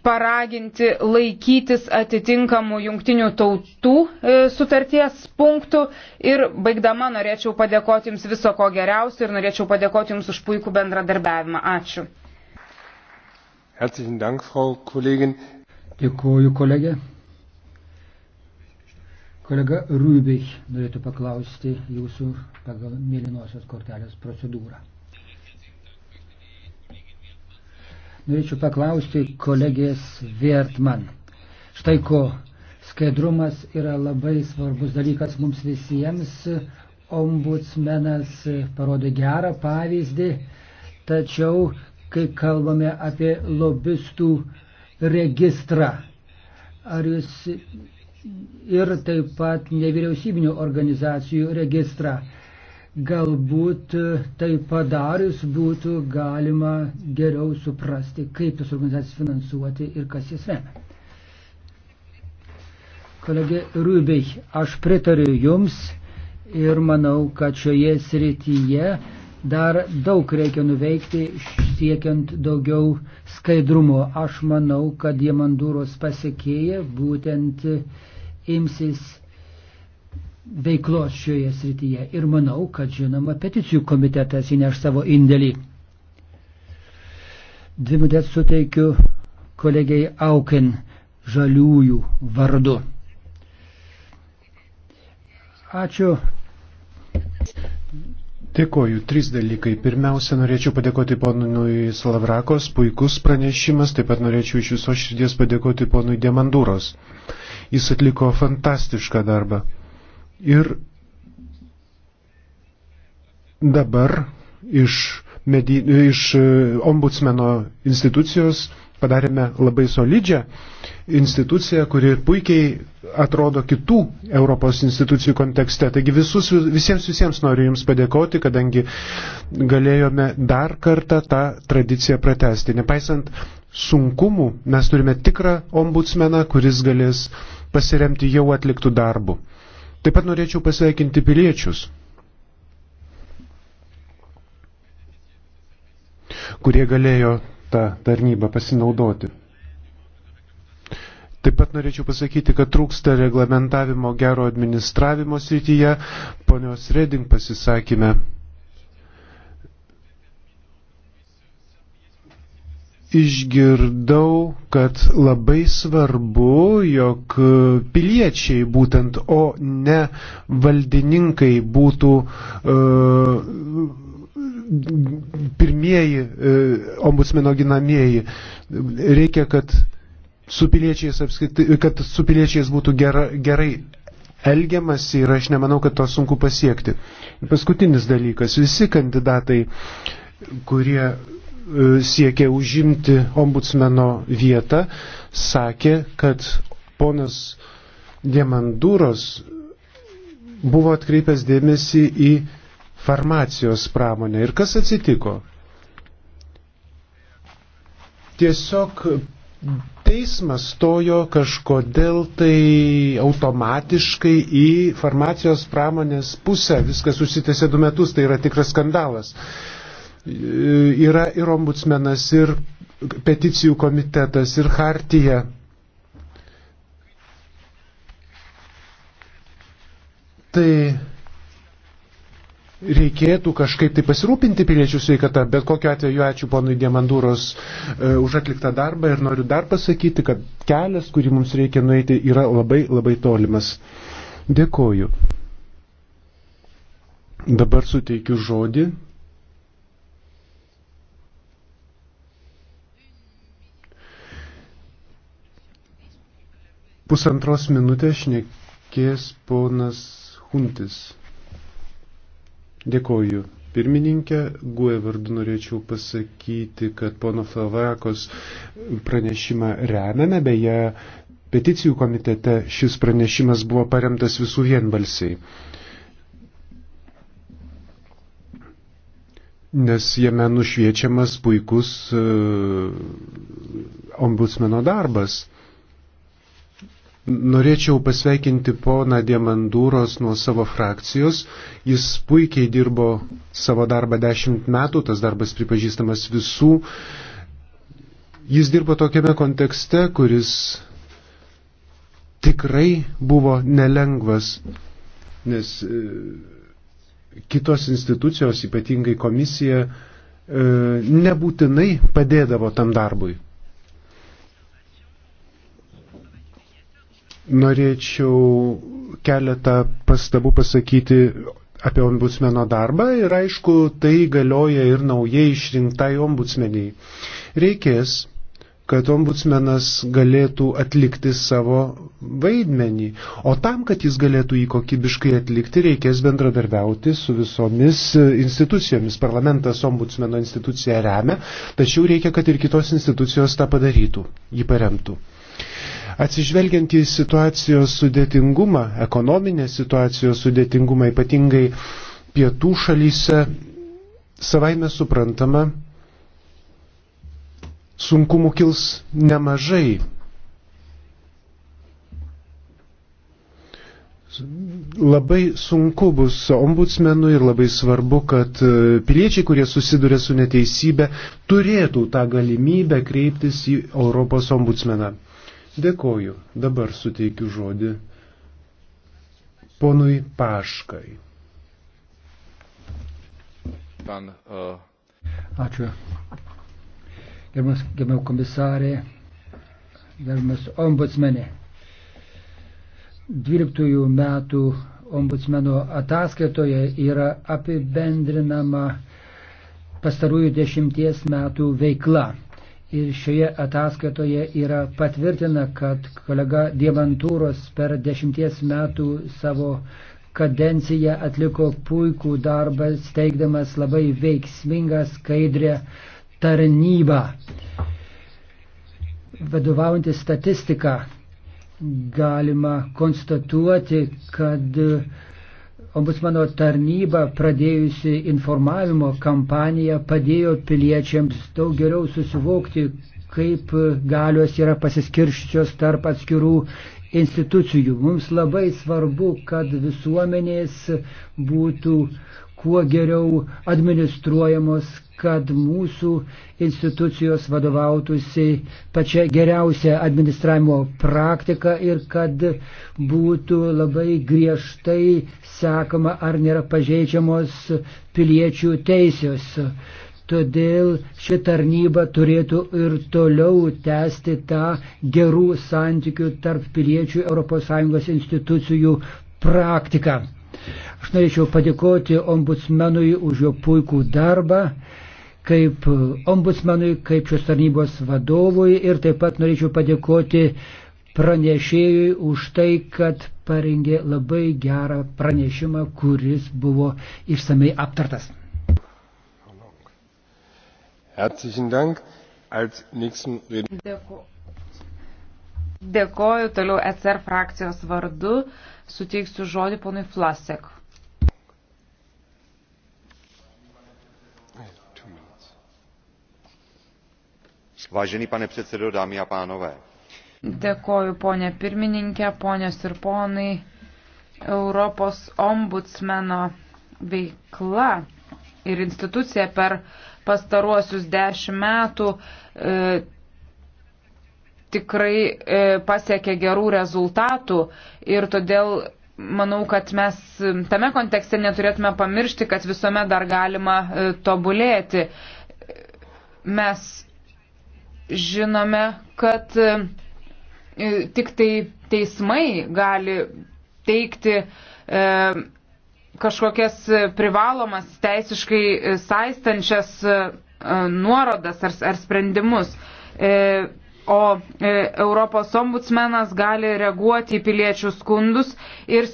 paraginti laikytis atitinkamų jungtinių tautų e, sutarties punktų ir baigdama norėčiau padėkoti Jums viso ko geriausio ir norėčiau padėkoti Jums už puikų bendradarbiavimą. Ačiū. Herzlichen Dank, Frau Kollegin. Dėkuoju, kolegė. Kolega Rūbich norėtų paklausti jūsų pagal mėlynosios kortelės procedūrą. Norėčiau paklausti kolegės Vertman. Štai ko skaidrumas yra labai svarbus dalykas mums visiems. Ombudsmenas parodė gerą pavyzdį, tačiau, kai kalbame apie lobistų registrą. Ar jūs ir taip pat nevyriausybinių organizacijų registrą. Galbūt tai padarius būtų galima geriau suprasti, kaip tas organizacijas finansuoti ir kas jas remia. Kolegė Rūbiai, aš pritariu Jums ir manau, kad šioje srityje dar daug reikia nuveikti siekiant daugiau skaidrumo. Aš manau, kad Jemanduros pasiekėja būtent imsis veiklos šioje srityje. Ir manau, kad žinoma, peticijų komitetas įneš savo indėlį. Dvi minutės suteikiu kolegiai Aukin žaliųjų vardu. Ačiū Dėkoju, trys dalykai. Pirmiausia, norėčiau padėkoti ponui Salavrakos, puikus pranešimas, taip pat norėčiau iš viso širdies padėkoti ponui Demandūros. Jis atliko fantastišką darbą. Ir dabar iš, medi, iš e, ombudsmeno institucijos padarėme labai solidžią instituciją, kuri puikiai atrodo kitų Europos institucijų kontekste. Taigi visus, visiems visiems noriu Jums padėkoti, kadangi galėjome dar kartą tą tradiciją pratesti. Nepaisant sunkumų, mes turime tikrą ombudsmeną, kuris galės pasiremti jau atliktų darbų. Taip pat norėčiau pasveikinti piliečius, kurie galėjo tą tarnybą pasinaudoti. Taip pat norėčiau pasakyti, kad trūksta reglamentavimo gero administravimo srityje. Ponios Reding pasisakime. Išgirdau, kad labai svarbu, jog piliečiai būtent, o ne valdininkai būtų uh, pirmieji e, ombudsmeno ginamieji. Reikia, kad su piliečiais, apskritai, kad su piliečiais būtų gera, gerai elgiamas ir aš nemanau, kad to sunku pasiekti. Ir paskutinis dalykas. Visi kandidatai, kurie e, siekė užimti ombudsmeno vietą, sakė, kad ponas Diamanduros buvo atkreipęs dėmesį į farmacijos pramonę. Ir kas atsitiko? Tiesiog teismas stojo kažkodėl tai automatiškai į farmacijos pramonės pusę. Viskas susitėsi du metus, tai yra tikras skandalas. Yra ir ombudsmenas, ir peticijų komitetas, ir hartija. Tai reikėtų kažkaip tai pasirūpinti piliečių sveikata, bet kokiu atveju ačiū ponui Diamandūros e, už atliktą darbą ir noriu dar pasakyti, kad kelias, kurį mums reikia nueiti, yra labai labai tolimas. Dėkoju. Dabar suteikiu žodį. Pusantros minutės šnekės ponas Huntis. Dėkoju. Pirmininkė, guė vardu norėčiau pasakyti, kad pono Favakos pranešimą remiame, beje, peticijų komitete šis pranešimas buvo paremtas visų vienbalsiai. Nes jame nušviečiamas puikus e, ombudsmeno darbas. Norėčiau pasveikinti poną Diamandūros nuo savo frakcijos. Jis puikiai dirbo savo darbą dešimt metų, tas darbas pripažįstamas visų. Jis dirbo tokiame kontekste, kuris tikrai buvo nelengvas, nes e, kitos institucijos, ypatingai komisija, e, nebūtinai padėdavo tam darbui. norėčiau keletą pastabų pasakyti apie ombudsmeno darbą ir aišku, tai galioja ir naujai išrinktai ombudsmeniai. Reikės, kad ombudsmenas galėtų atlikti savo vaidmenį, o tam, kad jis galėtų jį kokybiškai atlikti, reikės bendradarbiauti su visomis institucijomis. Parlamentas ombudsmeno instituciją remia, tačiau reikia, kad ir kitos institucijos tą padarytų, jį paremtų. Atsižvelgiant į situacijos sudėtingumą, ekonominę situacijos sudėtingumą, ypatingai pietų šalyse, savaime suprantama, sunkumų kils nemažai. Labai sunku bus ombudsmenui ir labai svarbu, kad e, piliečiai, kurie susiduria su neteisybė, turėtų tą galimybę kreiptis į Europos ombudsmeną. Dėkoju. Dabar suteikiu žodį ponui Paškai. Pan, uh... Ačiū. Gerbiamas gerbiam komisarė, gerbiamas ombudsmenė. 12 metų ombudsmeno ataskaitoje yra apibendrinama pastarųjų dešimties metų veikla. Ir šioje ataskatoje yra patvirtina, kad kolega Dievantūros per dešimties metų savo kadenciją atliko puikų darbą, steigdamas labai veiksmingą skaidrę tarnybą. Vadovaujantis statistiką galima konstatuoti, kad Ombudsmano tarnyba pradėjusi informavimo kampaniją padėjo piliečiams daug geriau susivokti, kaip galios yra pasiskirščios tarp atskirų institucijų. Mums labai svarbu, kad visuomenės būtų kuo geriau administruojamos, kad mūsų institucijos vadovautųsi pačia geriausia administravimo praktika ir kad būtų labai griežtai sekama, ar nėra pažeidžiamos piliečių teisės. Todėl ši tarnyba turėtų ir toliau tęsti tą gerų santykių tarp piliečių ES institucijų praktiką. Aš norėčiau padėkoti ombudsmenui už jo puikų darbą kaip ombudsmenui, kaip šios tarnybos vadovui ir taip pat norėčiau padėkoti pranešėjui už tai, kad parengė labai gerą pranešimą, kuris buvo išsamei aptartas. Herzlichen Dank. Als nächsten Redner. Dėku. Dėkoju toliau ECR frakcijos vardu. Suteiksiu žodį ponui Flasek. Vážený pane předsedo, dámy a pánové. Dėkoju, ponė pirmininkė, ponės ir ponai. Europos ombudsmeno veikla ir institucija per uh, pastaruosius dešimt metų e, tikrai e, pasiekė gerų rezultatų ir todėl manau, kad mes tame kontekste neturėtume pamiršti, kad visuomet dar galima e, tobulėti. Mes žinome, kad e, tik tai teismai gali teikti e, kažkokias e, privalomas teisiškai e, saistančias e, nuorodas ar, ar sprendimus. O Europos ombudsmenas gali reaguoti į piliečių skundus ir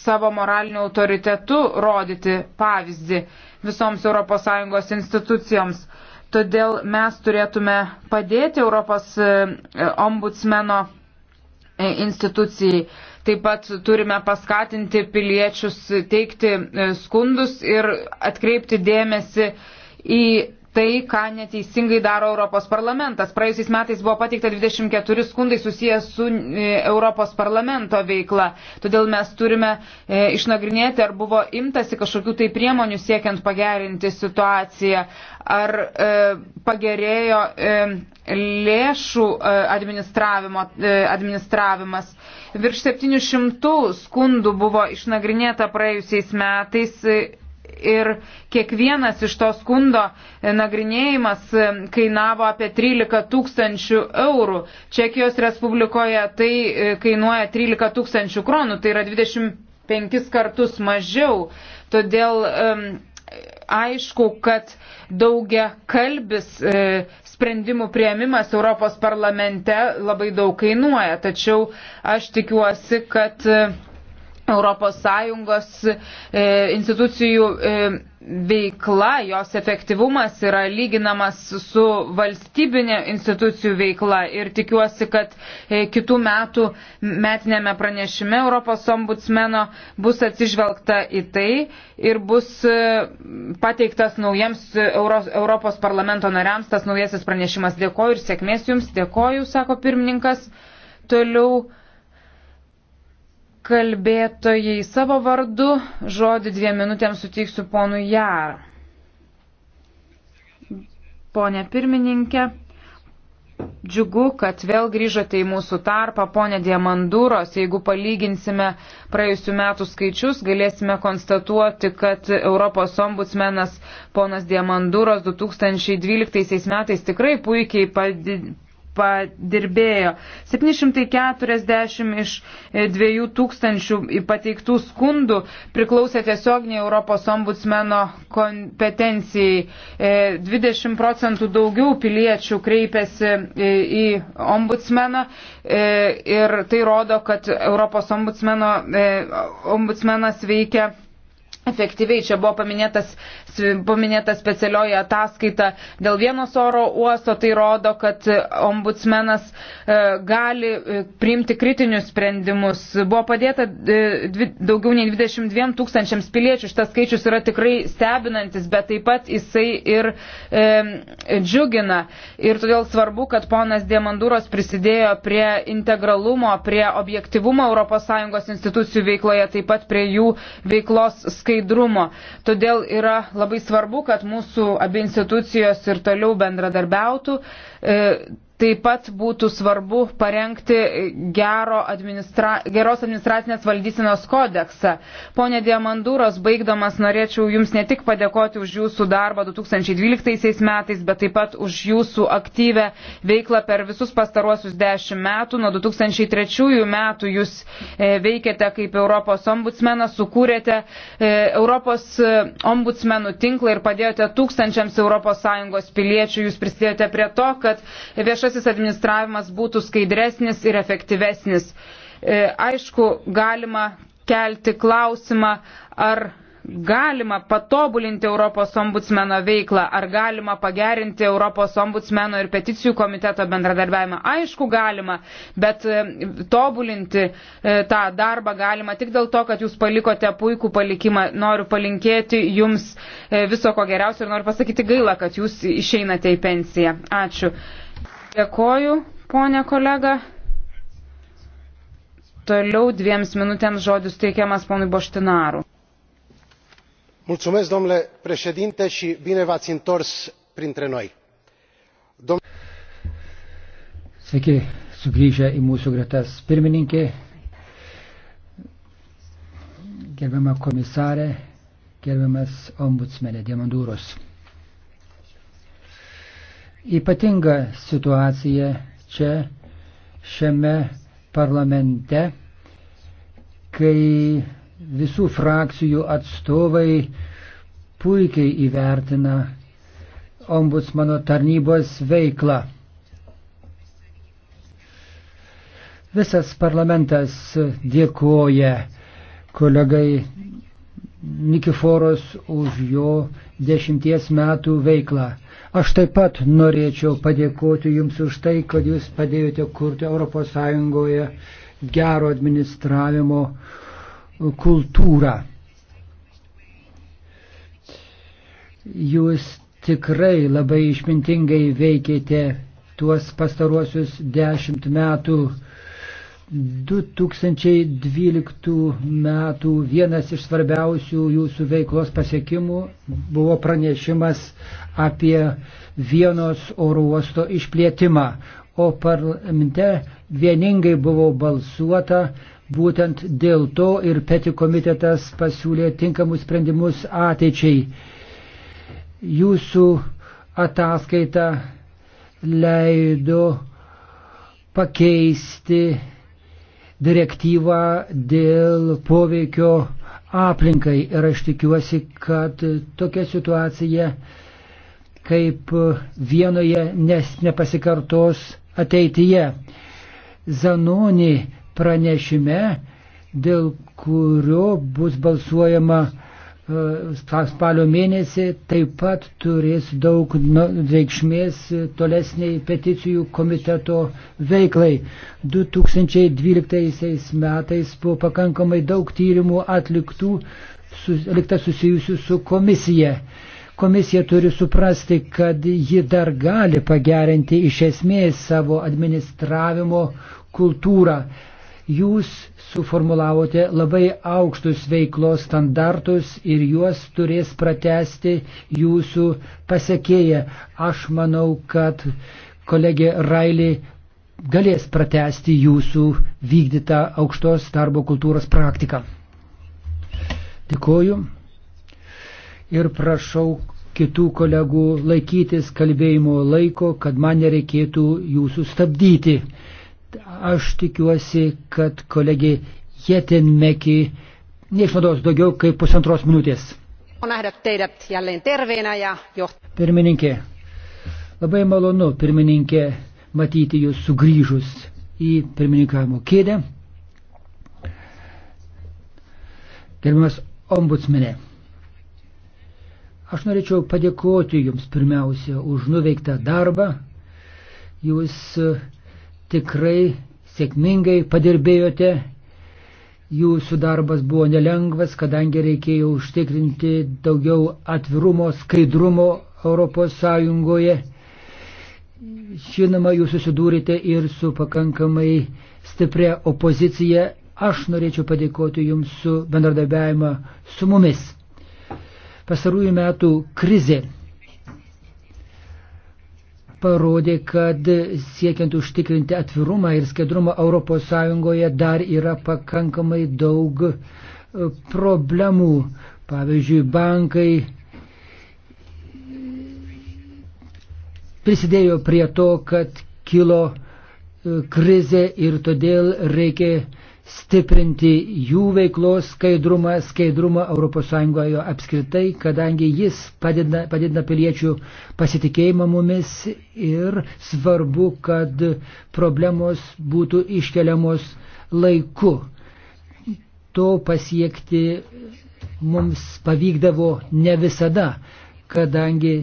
savo moraliniu autoritetu rodyti pavyzdį visoms ES institucijoms. Todėl mes turėtume padėti Europos ombudsmeno institucijai. Taip pat turime paskatinti piliečius teikti e, skundus ir atkreipti dėmesį į tai, ką neteisingai daro Europos parlamentas. Praėjusiais metais buvo pateikta 24 skundai susijęs su e, Europos parlamento veikla. Todėl mes turime e, išnagrinėti, ar buvo imtasi kažkokių tai priemonių siekiant pagerinti situaciją, ar e, pagerėjo lėšų administravimas. Virš 700 skundų buvo išnagrinėta praėjusiais metais ir kiekvienas iš to skundo nagrinėjimas e, kainavo apie 13 tūkstančių eurų. Čekijos Respublikoje tai e, kainuoja 13 tūkstančių kronų, tai yra 25 kartus mažiau. Todėl um, aišku, kad daugia kalbis e, sprendimų prieimimas Europos parlamente labai daug kainuoja, tačiau aš tikiuosi, kad e, ES e, institucijų e, veikla, jos efektyvumas yra lyginamas su valstybinė institucijų veikla ir tikiuosi, kad e, kitų metų metinėme pranešime Europos ombudsmeno bus atsižvelgta į tai ir bus pateiktas naujiems Europos parlamento nariams tas naujasis pranešimas. Dėkoju ir sėkmės jums, dėkoju, sako pirmininkas. Toliau kalbėtojai savo vardu. Žodį dviem minutėms suteiksiu ponui Jar. Pone pirmininkė, džiugu, kad vėl grįžote į mūsų tarpą, ponė Diamanduros. Jeigu palyginsime praėjusių metų skaičius, galėsime konstatuoti, kad Europos ombudsmenas ponas Diamanduros 2012 metais tikrai puikiai padirbėjo. 740 iš 2000 e, pateiktų skundų priklausė tiesiogniai Europos ombudsmeno kompetencijai. 20 e, procentų daugiau piliečių kreipėsi e, į ombudsmeną ir tai rodo, kad Europos ombudsmeno, ombudsmenas veikia efektyviai. Čia buvo paminėtas, paminėta specialioji ataskaita dėl vienos oro uosto, tai rodo, kad ombudsmenas e, gali e, priimti kritinius sprendimus. Buvo padėta e, daugiau nei 22 tūkstančiams piliečių, šitas skaičius yra tikrai stebinantis, bet taip pat jisai ir e, džiugina. Ir todėl svarbu, kad ponas Diamanduros prisidėjo prie integralumo, prie objektivumo ES institucijų veikloje, taip pat prie jų veiklos skaičių skaidrumo. Todėl yra labai svarbu, kad mūsų abi institucijos ir toliau bendradarbiautų. E, Taip pat būtų svarbu parengti administra, geros administracinės valdysenos kodeksą. Pone Diamandūros, baigdamas norėčiau Jums ne tik padėkoti už Jūsų darbą 2012 metais, bet taip pat už Jūsų aktyvę veiklą per visus pastaruosius dešimt metų. Nuo 2003 metų Jūs e, veikėte kaip Europos ombudsmenas, sukūrėte e, Europos e, ombudsmenų tinklą ir padėjote tūkstančiams ES piliečių. Jūs prisidėjote prie to, kad viešai viešasis administravimas būtų skaidresnis ir efektyvesnis. E, aišku, galima kelti klausimą, ar galima patobulinti Europos ombudsmeno veiklą, ar galima pagerinti Europos ombudsmeno ir peticijų komiteto bendradarbiavimą. Aišku, galima, bet e, tobulinti e, tą darbą galima tik dėl to, kad jūs palikote puikų palikimą. Noriu palinkėti jums viso ko geriausio ir noriu pasakyti gaila, kad jūs išeinate į pensiją. Ačiū. Dėkoju, ponė kolega. Toliau dviems minutėms žodis teikiamas ponui Boštinaru. Mulțumesc, domnule președinte, și bine v-ați întors printre noi. Dom Sveiki, sugrįžę į mūsų gretas pirmininkė, gerbiama komisarė, gerbiamas ombudsmenė Diamandūros ypatinga situacija čia šiame parlamente, kai visų frakcijų atstovai puikiai įvertina ombudsmano tarnybos veiklą. Visas parlamentas dėkoja kolegai Nikiforos už jo dešimties metų veiklą. Aš taip pat norėčiau padėkoti Jums už tai, kad Jūs padėjote kurti ES gero administravimo kultūrą. Jūs tikrai labai išmintingai veikėte tuos pastaruosius dešimt metų 2012 metų vienas iš svarbiausių jūsų veiklos pasiekimų buvo pranešimas apie vienos oro uosto išplėtimą, o parlamente vieningai buvo balsuota būtent dėl to ir peti komitetas pasiūlė tinkamus sprendimus ateičiai. Jūsų ataskaita leido pakeisti direktyvą dėl poveikio aplinkai ir aš tikiuosi, kad tokia situacija kaip vienoje nes nepasikartos ateityje. Zanoni pranešime, dėl kurio bus balsuojama spalio mėnesį taip pat turės daug nu, reikšmės tolesniai peticijų komiteto veiklai. 2012 metais buvo pakankamai daug tyrimų atliktų, atlikta susijusių su komisija. Komisija turi suprasti, kad ji dar gali pagerinti iš esmės savo administravimo kultūrą. Jūs suformulavote labai aukštus veiklos standartus ir juos turės pratesti jūsų pasiekėja. Aš manau, kad kolegė Railį galės pratesti jūsų vykdytą aukštos darbo kultūros praktiką. Dėkuoju ir prašau kitų kolegų laikytis kalbėjimo laiko, kad man nereikėtų jūsų stabdyti. Aš tikiuosi, kad kolegė Jetenmeki neišnaudos daugiau kaip pusantros minutės. Pirmininkė, labai malonu, pirmininkė, matyti jūs sugrįžus į pirmininkavimo kėdę. Gerbiamas ombudsmenė, aš norėčiau padėkoti jums pirmiausia už nuveiktą darbą. Jūs tikrai sėkmingai padirbėjote. Jūsų darbas buvo nelengvas, kadangi reikėjo užtikrinti daugiau atvirumo, skaidrumo Europos Sąjungoje. Žinoma, jūs susidūrite ir su pakankamai stipria opozicija. Aš norėčiau padėkoti jums su bendradarbiavimą su mumis. Pasarųjų metų krizė parodė, kad siekiant užtikrinti atvirumą ir skaidrumą ES dar yra pakankamai daug e, problemų. Pavyzdžiui, bankai prisidėjo prie to, kad kilo e, krizė ir todėl reikia stiprinti jų veiklos skaidrumą, skaidrumą ES apskritai, kadangi jis padidina, padidina piliečių pasitikėjimą mumis ir svarbu, kad problemos būtų iškeliamos laiku. To pasiekti mums pavykdavo ne visada, kadangi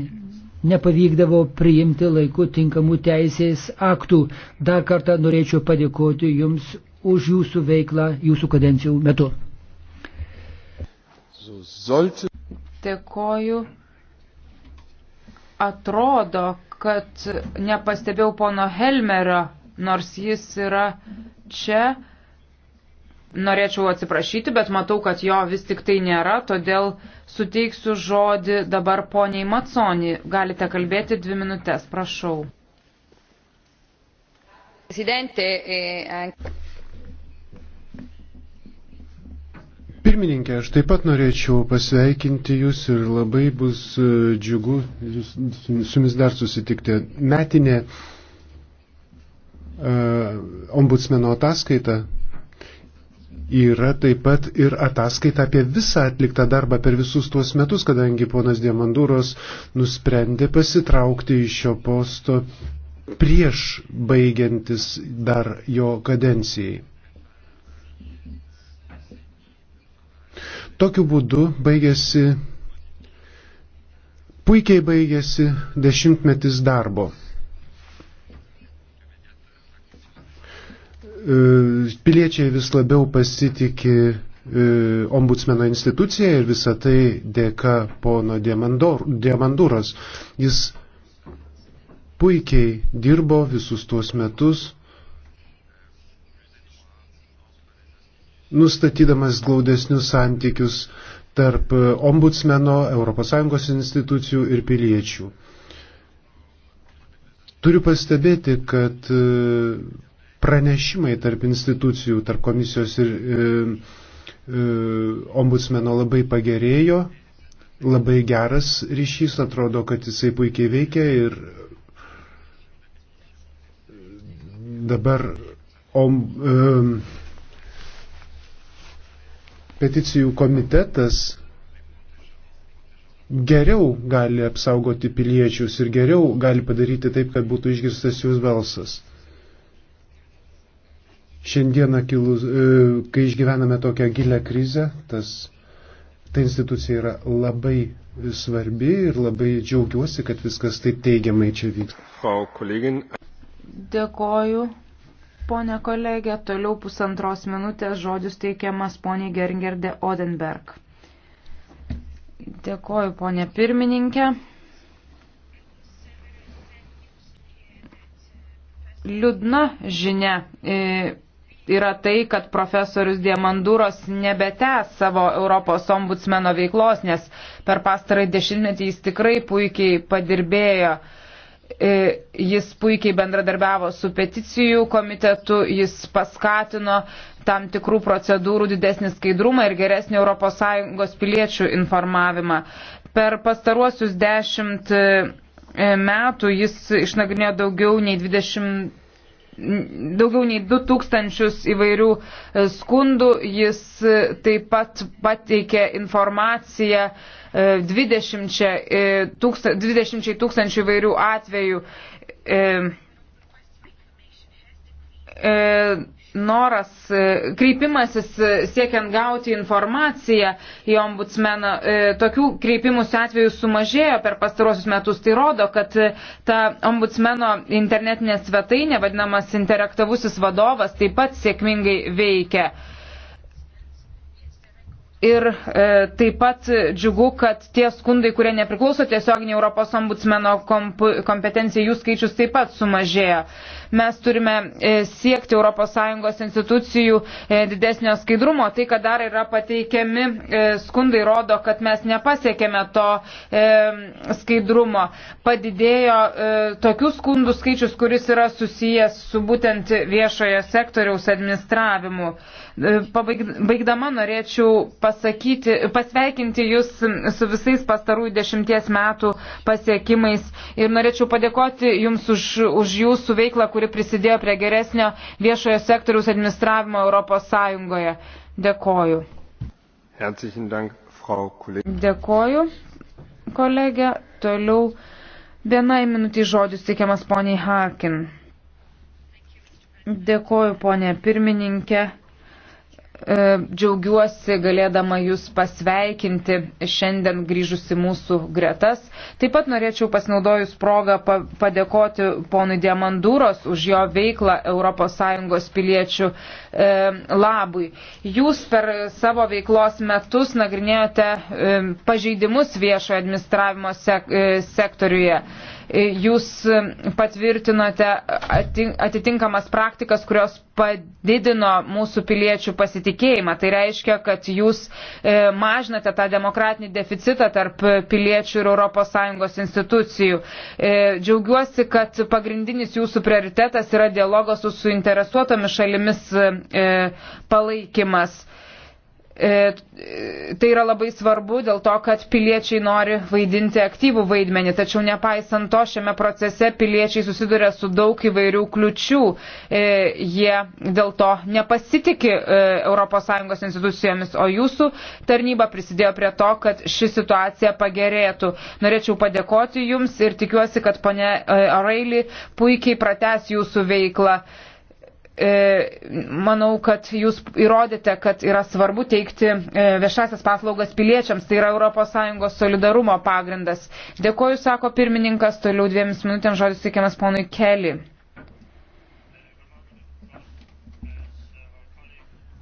nepavykdavo priimti laiku tinkamų teisės aktų. Dar kartą norėčiau padėkoti Jums už jūsų veiklą jūsų kadencijų metu. Dėkoju. Atrodo, kad nepastebėjau pono Helmerio, nors jis yra čia. Norėčiau atsiprašyti, bet matau, kad jo vis tik tai nėra, todėl suteiksiu žodį dabar poniai Matsoni. Galite kalbėti dvi minutės, prašau. Presidente, eh, anche... Pirmininkė, aš taip pat norėčiau pasveikinti Jūs ir labai bus e, džiugu jūs, su Jumis dar susitikti. Metinė uh, ombudsmeno ataskaita yra taip pat ir ataskaita apie visą atliktą darbą per visus tuos metus, kadangi ponas Diamanduros nusprendė pasitraukti iš šio posto prieš baigiantis dar jo kadencijai. Tokiu būdu baigėsi, puikiai baigėsi dešimtmetis darbo. E, piliečiai vis labiau pasitikė e, ombudsmeno instituciją ir visą tai dėka pono Diamandūros. Jis puikiai dirbo visus tuos metus nustatydamas glaudesnius santykius tarp e, ombudsmeno, ES institucijų ir piliečių. Turiu pastebėti, kad e, pranešimai tarp institucijų, tarp komisijos ir e, e, ombudsmeno labai pagerėjo, labai geras ryšys, atrodo, kad jisai puikiai veikia ir dabar om, e, peticijų komitetas geriau gali apsaugoti piliečius ir geriau gali padaryti taip, kad būtų išgirstas jūs balsas. Šiandieną, kilus, e, kai išgyvename tokią gilę krizę, tas, ta institucija yra labai svarbi ir labai džiaugiuosi, kad viskas taip teigiamai čia vyksta. Dėkoju ponė kolegė. Toliau pusantros minutės žodis teikiamas poniai Geringerde Odenberg. Dėkoju, ponė pirmininkė. Liūdna žinia e, yra tai, kad profesorius Diamanduros nebetęs savo Europos ombudsmeno veiklos, nes per pastarąjį dešimtmetį jis tikrai puikiai padirbėjo. E, jis puikiai bendradarbiavo su peticijų komitetu, jis paskatino tam tikrų procedūrų didesnį skaidrumą ir geresnį ES piliečių informavimą. Per pastaruosius dešimt e, metų jis išnagrinėjo daugiau nei 20 daugiau nei 2000 įvairių e, skundų. Jis e, taip pat pateikė informaciją 20 e, tūkstančių įvairių atvejų. E, e, noras, e, kreipimasis e, siekiant gauti informaciją į ombudsmeną, e, tokių kreipimusių atvejų sumažėjo per pastarosius metus. Tai rodo, kad ta ombudsmeno internetinė svetainė, vadinamas interaktavusis vadovas, taip pat sėkmingai veikia. Ir e, taip pat džiugu, kad tie skundai, kurie nepriklauso tiesioginiai Europos ombudsmeno kompetencijai, jų skaičius taip pat sumažėjo. Mes turime e, siekti ES institucijų e, didesnio skaidrumo. Tai, kad dar yra pateikiami e, skundai, rodo, kad mes nepasiekėme to e, skaidrumo. Padidėjo e, tokių skundų skaičius, kuris yra susijęs su būtent viešojo sektoriaus administravimu. E, pabaigdama norėčiau pasakyti, pasakyti, pasveikinti Jūs su visais pastarųjų dešimties metų pasiekimais ir norėčiau padėkoti Jums už, už Jūsų veiklą, kuri prisidėjo prie geresnio viešojo sektoriaus administravimo Europos Sąjungoje. Dėkoju. Dank, Frau Dėkoju, kolegė. Toliau vienai minutį žodis teikiamas poniai Harkin. Dėkoju, ponė pirmininkė. E, džiaugiuosi galėdama Jūs pasveikinti šiandien grįžusi mūsų gretas. Taip pat norėčiau pasinaudojus progą padėkoti ponui Diamandūros už jo veiklą ES piliečių e, labui. Jūs per savo veiklos metus nagrinėjote e, pažeidimus viešojo administravimo sektoriuje jūs patvirtinote atitinkamas praktikas, kurios padidino mūsų piliečių pasitikėjimą. Tai reiškia, kad jūs e, mažinate tą demokratinį deficitą tarp piliečių ir ES institucijų. E, džiaugiuosi, kad pagrindinis jūsų prioritetas yra dialogas su suinteresuotomis šalimis e, palaikymas. E, tai yra labai svarbu dėl to, kad piliečiai nori vaidinti aktyvų vaidmenį, tačiau nepaisant to šiame procese piliečiai susiduria su daug įvairių kliučių. E, jie dėl to nepasitiki ES institucijomis, o jūsų tarnyba prisidėjo prie to, kad ši situacija pagerėtų. Norėčiau padėkoti Jums ir tikiuosi, kad ponė Araili e, puikiai prates Jūsų veiklą. E, manau, kad jūs įrodėte, kad yra svarbu teikti e, viešasias paslaugas piliečiams, tai yra ES solidarumo pagrindas. Dėkoju, sako pirmininkas, toliau dviemis minutėms žodis teikiamas ponui Kelly.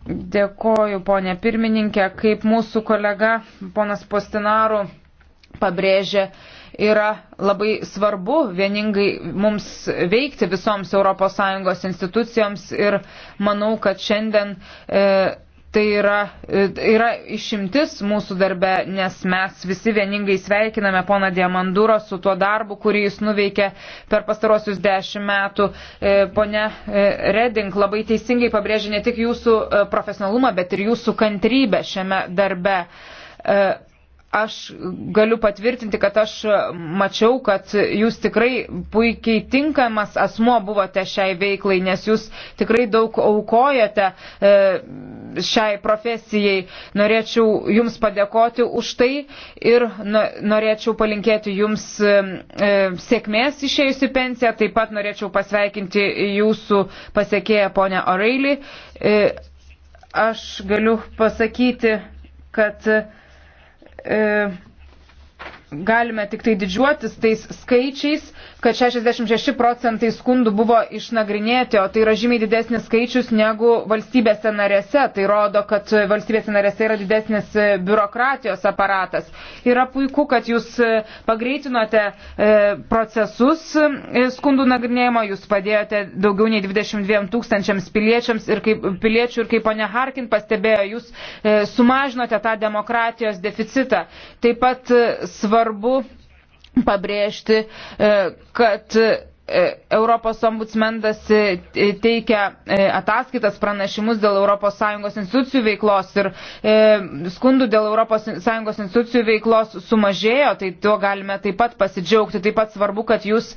Dėkoju, ponė pirmininkė, kaip mūsų kolega ponas Postinaru pabrėžė, yra labai svarbu vieningai mums veikti visoms ES institucijoms ir manau, kad šiandien e, tai yra, e, yra išimtis mūsų darbe, nes mes visi vieningai sveikiname poną Diamandūrą su tuo darbu, kurį jis nuveikė per pastarosius dešimt metų. E, pone e, Reding labai teisingai pabrėžė ne tik jūsų e, profesionalumą, bet ir jūsų kantrybę šiame darbe. E, aš galiu patvirtinti, kad aš mačiau, kad jūs tikrai puikiai tinkamas asmo buvote šiai veiklai, nes jūs tikrai daug aukojate e, šiai profesijai. Norėčiau jums padėkoti už tai ir norėčiau palinkėti jums e, e, sėkmės išėjusi pensiją. Taip pat norėčiau pasveikinti jūsų pasiekėją ponę Oreilį. Aš galiu pasakyti, kad uh, e, galime tik tai didžiuotis tais skaičiais, kad 66 procentai skundų buvo išnagrinėti, o tai yra žymiai didesnis skaičius negu valstybėse narėse. Tai rodo, kad valstybėse narėse yra didesnis e, biurokratijos aparatas. Yra puiku, kad jūs e, pagreitinote e, procesus skundų nagrinėjimo, jūs padėjote daugiau nei 22 tūkstančiams piliečiams ir kaip, piliečių ir kaip ponia Harkin pastebėjo, jūs sumažinote tą demokratijos deficitą. Taip pat svarbu svarbu pabrėžti, e, kad e, Europos ombudsmendas e, teikia ataskaitas pranašimus dėl ES institucijų veiklos ir skundų dėl ES institucijų veiklos sumažėjo, tai tuo galime taip pat pasidžiaugti. Taip pat svarbu, kad jūs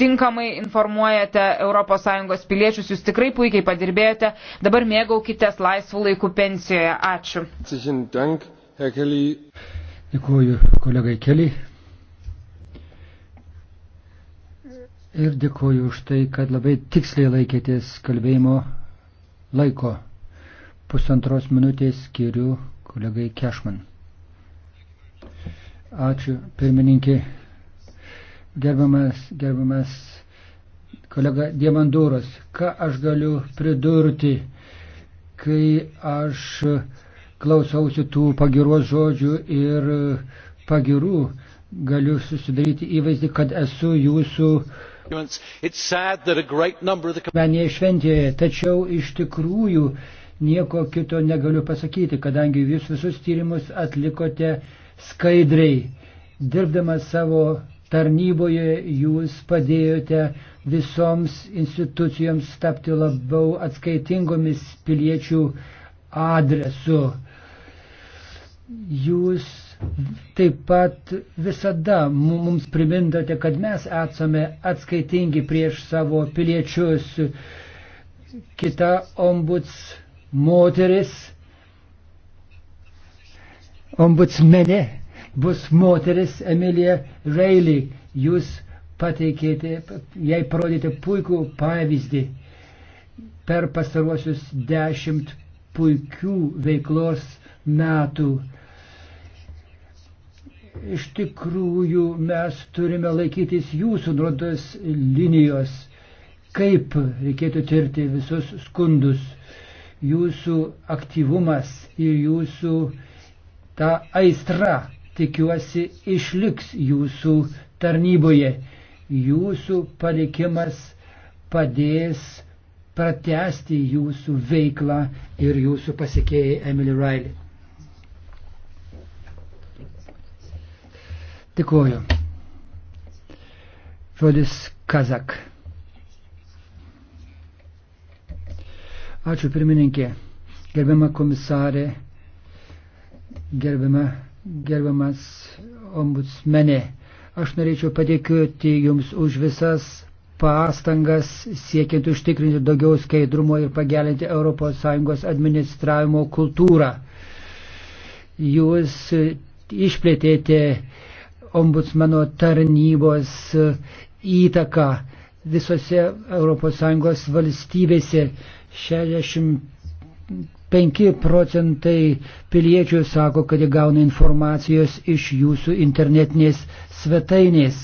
tinkamai informuojate ES piliečius, jūs tikrai puikiai padirbėjote. Dabar mėgaukitės laisvų laikų pensijoje. Ačiū. Dėkuoju kolegai Keliai. Ir dėkuoju už tai, kad labai tiksliai laikėtės kalbėjimo laiko. Pusantros minutės skiriu kolegai Kešman. Ačiū, pirmininkė. Gerbiamas, gerbiamas kolega Diemandūras, ką aš galiu pridurti, kai aš klausausi tų pagiros žodžių ir pagirų, galiu susidaryti įvaizdį, kad esu jūsų menėje šventėje. Tačiau iš tikrųjų nieko kito negaliu pasakyti, kadangi jūs visus tyrimus atlikote skaidriai. Dirbdamas savo tarnyboje jūs padėjote visoms institucijoms tapti labiau atskaitingomis piliečių adresu. Jūs taip pat visada mums primindate, kad mes esame atskaitingi prieš savo piliečius. Kita ombuds moteris, ombudsmenė bus moteris Emilija Reilly. Jūs pateikėte, jai parodėte puikų pavyzdį per pastaruosius dešimt puikių veiklos metų iš tikrųjų mes turime laikytis jūsų nurodos linijos, kaip reikėtų tirti visus skundus. Jūsų aktyvumas ir jūsų ta aistra, tikiuosi, išliks jūsų tarnyboje. Jūsų palikimas padės pratesti jūsų veiklą ir jūsų pasikėjai Emily Riley. Dėkuoju. Žodis Kazak. Ačiū pirmininkė, gerbiama komisarė, gerbiama, gerbiamas ombudsmenė. Aš norėčiau padėkoti Jums už visas pastangas siekiant užtikrinti daugiau skaidrumo ir pagerinti ES administravimo kultūrą. Jūs išplėtėte ombudsmeno tarnybos e, įtaka visose ES valstybėse. 65 procentai piliečių sako, kad jie gauna informacijos iš jūsų internetinės svetainės.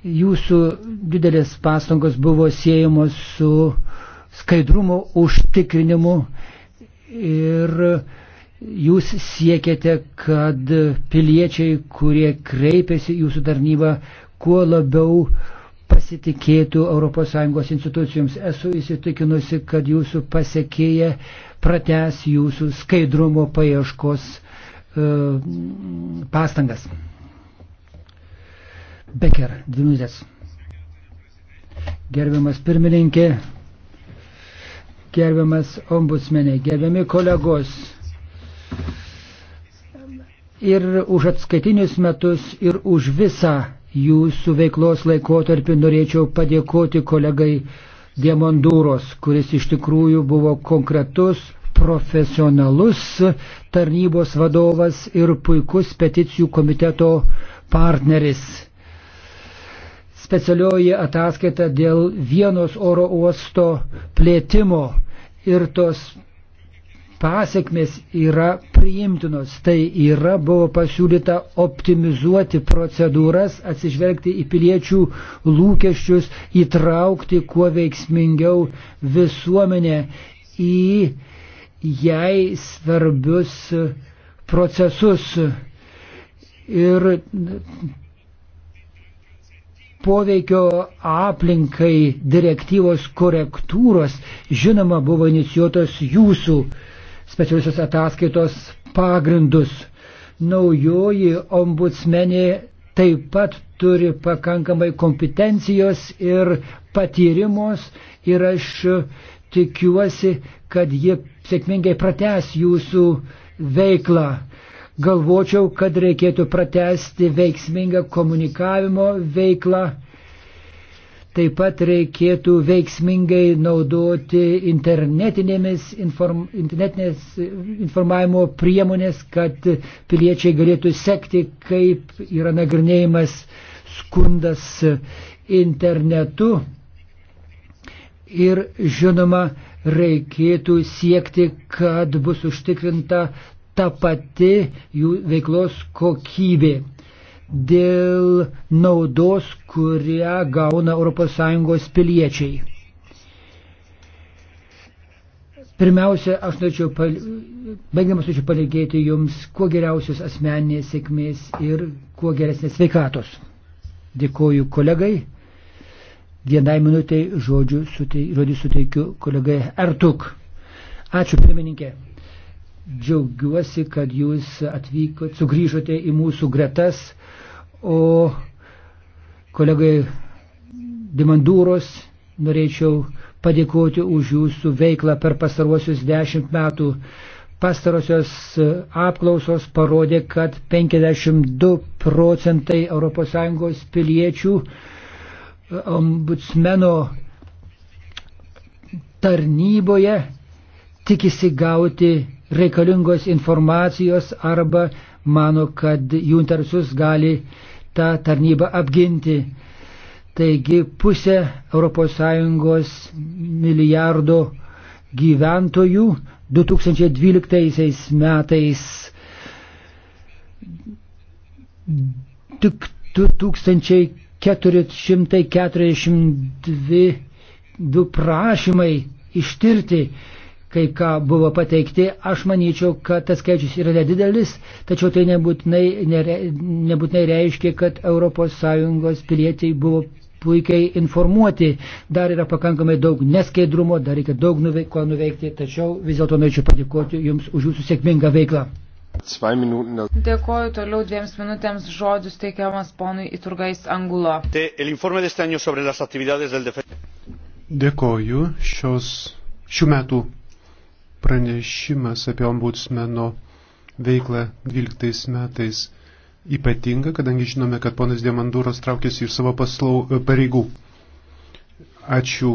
Jūsų didelės pastangos buvo siejamos su skaidrumo užtikrinimu ir uh, Jūs siekiate, kad piliečiai, kurie kreipiasi jūsų tarnybą, kuo labiau pasitikėtų ES institucijoms. Esu įsitikinusi, kad jūsų pasiekėja prates jūsų skaidrumo paieškos uh, pastangas. Becker, dvi minutės. Gerbiamas pirmininkė, gerbiamas ombudsmenė, gerbiami kolegos ir už atskaitinius metus, ir už visą jūsų veiklos laikotarpį norėčiau padėkoti kolegai Diemondūros, kuris iš tikrųjų buvo konkretus, profesionalus tarnybos vadovas ir puikus peticijų komiteto partneris. Specialioji ataskaita dėl vienos oro uosto plėtimo ir tos pasiekmes yra priimtinos. Tai yra buvo pasiūlyta optimizuoti procedūras, atsižvelgti į piliečių lūkesčius, įtraukti kuo veiksmingiau visuomenę į jai svarbius procesus. Ir poveikio aplinkai direktyvos korektūros, žinoma, buvo inicijuotos jūsų specialiusios ataskaitos pagrindus. Naujoji ombudsmenė taip pat turi pakankamai kompetencijos ir patyrimos ir aš tikiuosi, kad jie sėkmingai prates jūsų veiklą. Galvočiau, kad reikėtų pratesti veiksmingą komunikavimo veiklą Taip pat reikėtų veiksmingai naudoti internetinėmis inform, internetinės e, informavimo priemonės, kad piliečiai galėtų sekti, kaip yra nagrinėjimas skundas internetu. Ir žinoma, reikėtų siekti, kad bus užtikrinta ta pati jų veiklos kokybė dėl naudos, kurią gauna ES piliečiai. Pirmiausia, aš norėčiau, baigdamas norėčiau palinkėti Jums kuo geriausios asmeninės sėkmės ir kuo geresnės sveikatos. Dėkoju kolegai. Vienai minutiai žodžių suteikiu kolegai Artuk. Ačiū, pirmininkė. Džiaugiuosi, kad jūs atvykot, sugrįžote į mūsų gretas. O kolegai Dimandūros norėčiau padėkoti už jūsų veiklą per pastaruosius dešimt metų. Pastarosios e, apklausos parodė, kad 52 procentai ES piliečių e, ombudsmeno tarnyboje tikisi gauti reikalingos informacijos arba mano, kad jų interesus gali tą tarnybą apginti. Taigi pusė ES milijardo gyventojų 2012 metais tik 2442 prašymai ištirti kai ką buvo pateikti, aš manyčiau, kad tas skaičius yra nedidelis, tačiau tai nebūtinai, nere, nebūtinai reiškia, kad ES piliečiai buvo puikiai informuoti, dar yra pakankamai daug neskaidrumo, dar reikia daug nuveik, ko nuveikti, tačiau vis dėlto norėčiau padėkoti Jums už Jūsų sėkmingą veiklą. Dėkoju toliau dviems minutėms žodžius teikiamas ponui Iturgais Angulo. Dėkoju šios šių metų pranešimas apie ombudsmeno veiklą 12 metais ypatinga, kadangi žinome, kad ponas Diamanduros traukėsi iš savo paslau, e, pareigų. Ačiū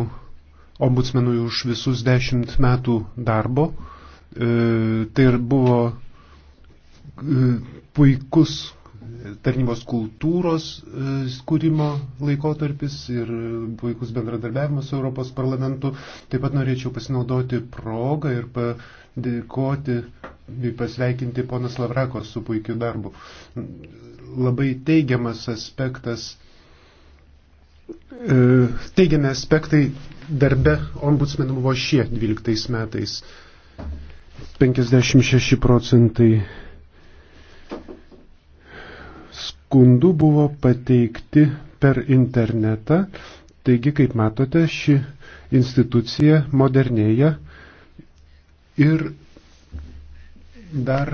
ombudsmenui už visus dešimt metų darbo. E, tai ir buvo e, puikus tarnybos kultūros e, skūrimo laikotarpis ir puikus bendradarbiavimas su Europos parlamentu. Taip pat norėčiau pasinaudoti progą ir padėkoti bei pasveikinti ponas Lavrakos su puikiu darbu. Labai teigiamas aspektas e, teigiami aspektai darbe ombudsmenų buvo šie 12 metais. 56 procentai skundų buvo pateikti per internetą. Taigi, kaip matote, ši institucija modernėja ir dar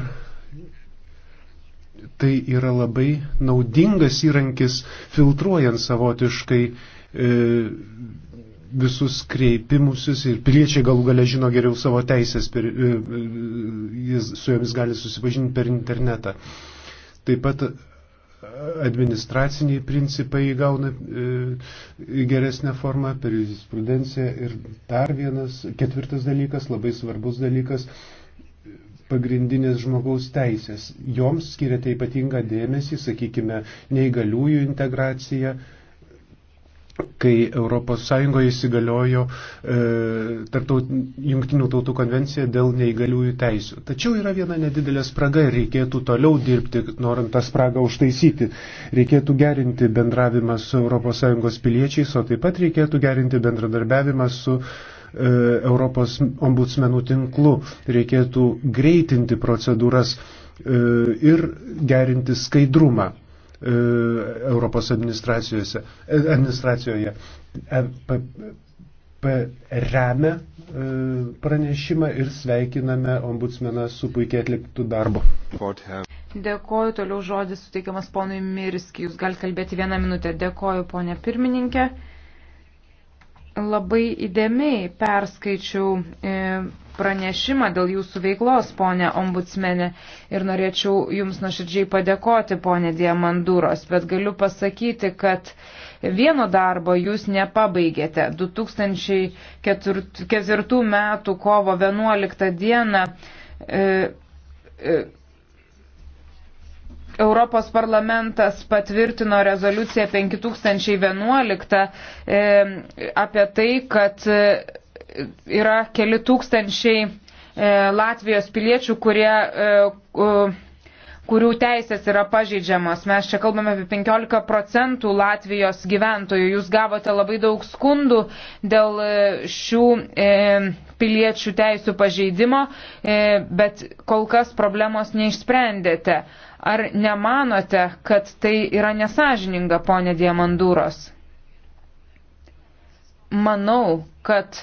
tai yra labai naudingas įrankis filtruojant savotiškai e, visus kreipimusius ir piliečiai galų gale žino geriau savo teisės, per, e, e jis, su jomis gali susipažinti per internetą. Taip pat administraciniai principai įgauna e, geresnę formą per jurisprudenciją. Ir dar vienas, ketvirtas dalykas, labai svarbus dalykas pagrindinės žmogaus teisės. Joms skiriate ypatingą dėmesį, sakykime, neįgaliųjų integraciją, kai ES įsigaliojo e, tarptaut, Junktinių tautų konvencija dėl neįgaliųjų teisių. Tačiau yra viena nedidelė spraga ir reikėtų toliau dirbti, norint tą spragą užtaisyti. Reikėtų gerinti bendravimą su ES piliečiais, o taip pat reikėtų gerinti bendradarbiavimą su e, Europos ombudsmenų tinklu. Reikėtų greitinti procedūras e, ir gerinti skaidrumą. E, Europos e, administracijoje. EPP remia e, pranešimą ir sveikiname ombudsmeną su puikiai atliktų darbu. Dėkoju, toliau žodis suteikiamas ponui Mirski. Jūs galite kalbėti vieną minutę. Dėkoju, ponė pirmininkė. Labai įdėmiai perskaičiau e, pranešimą dėl jūsų veiklos, ponė ombudsmenė, ir norėčiau Jums nuoširdžiai padėkoti, ponė Diamandūros, bet galiu pasakyti, kad vieno darbo Jūs nepabaigėte. 2004 metų kovo 11 dieną e, e, Europos parlamentas patvirtino rezoliuciją 5011 e, apie tai, kad e, yra keli tūkstančiai e, Latvijos piliečių, kurie, e, kurių teisės yra pažeidžiamos. Mes čia kalbame apie 15 procentų Latvijos gyventojų. Jūs gavote labai daug skundų dėl e, šių piliečių teisų pažeidimo, bet kol kas problemos neišsprendėte. Ar nemanote, kad tai yra nesažininga, ponė Diamandūros? Manau, kad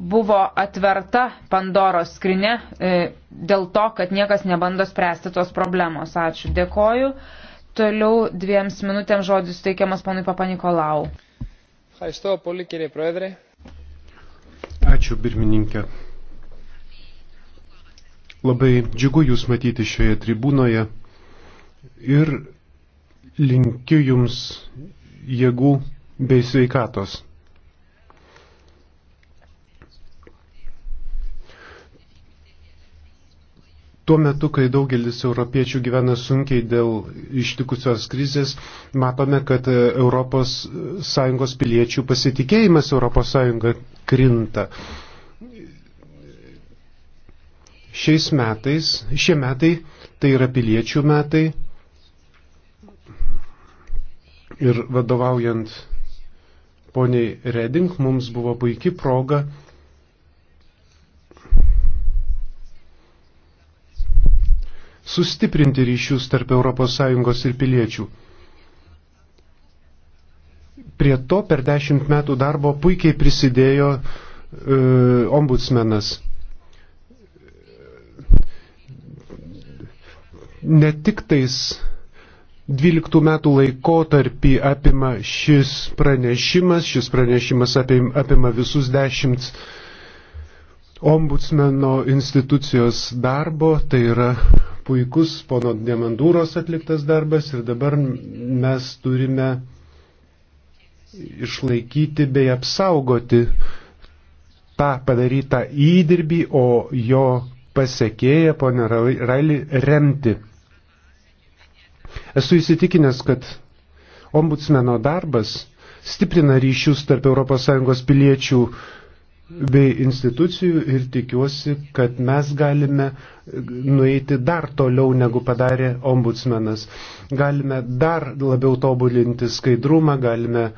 buvo atverta Pandoros skrinė e, dėl to, kad niekas nebando spręsti tos problemos. Ačiū. Dėkoju. Toliau dviems minutėms žodis teikiamas ponui Papanikolau. Ačiū, pirmininkė. Labai džiugu Jūs matyti šioje tribūnoje ir linkiu Jums jėgų bei sveikatos. Tuo metu, kai daugelis europiečių gyvena sunkiai dėl ištikusios krizės, matome, kad ES piliečių pasitikėjimas ES krinta. Šiais metais, šie metai, tai yra piliečių metai ir vadovaujant poniai Reding mums buvo puikia proga sustiprinti ryšius tarp ES ir piliečių. Prie to per dešimt metų darbo puikiai prisidėjo e, ombudsmenas. Ne tik tais 12 metų laikotarpį apima šis pranešimas, šis pranešimas apima, apima visus dešimt metų ombudsmeno institucijos darbo, tai yra puikus pono Demandūros atliktas darbas ir dabar mes turime išlaikyti bei apsaugoti tą padarytą įdirbį, o jo pasiekėja, ponė Raili, remti. Esu įsitikinęs, kad ombudsmeno darbas stiprina ryšius tarp ES piliečių bei institucijų ir tikiuosi, kad mes galime nueiti dar toliau, negu padarė ombudsmenas. Galime dar labiau tobulinti skaidrumą, galime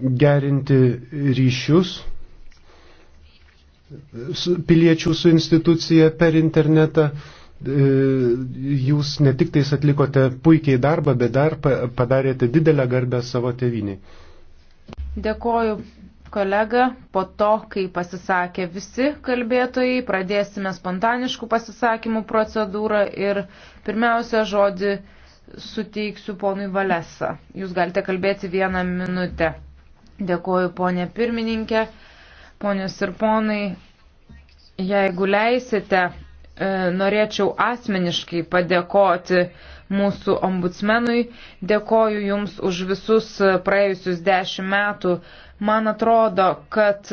gerinti ryšius piliečių su institucija per internetą. E, jūs ne tik tais atlikote puikiai darbą, bet dar padarėte didelę garbę savo teviniai. Dėkoju kolega, po to, kai pasisakė visi kalbėtojai, pradėsime spontaniškų pasisakymų procedūrą ir pirmiausia žodį suteiksiu ponui Valesa. Jūs galite kalbėti vieną minutę. Dėkuoju ponė pirmininkė, ponios ir ponai. Jeigu leisite, e, norėčiau asmeniškai padėkoti mūsų ombudsmenui. Dėkoju Jums už visus praėjusius dešimt metų. Man atrodo, kad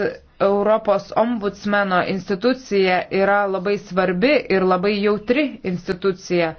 Europos ombudsmeno institucija yra labai svarbi ir labai jautri institucija.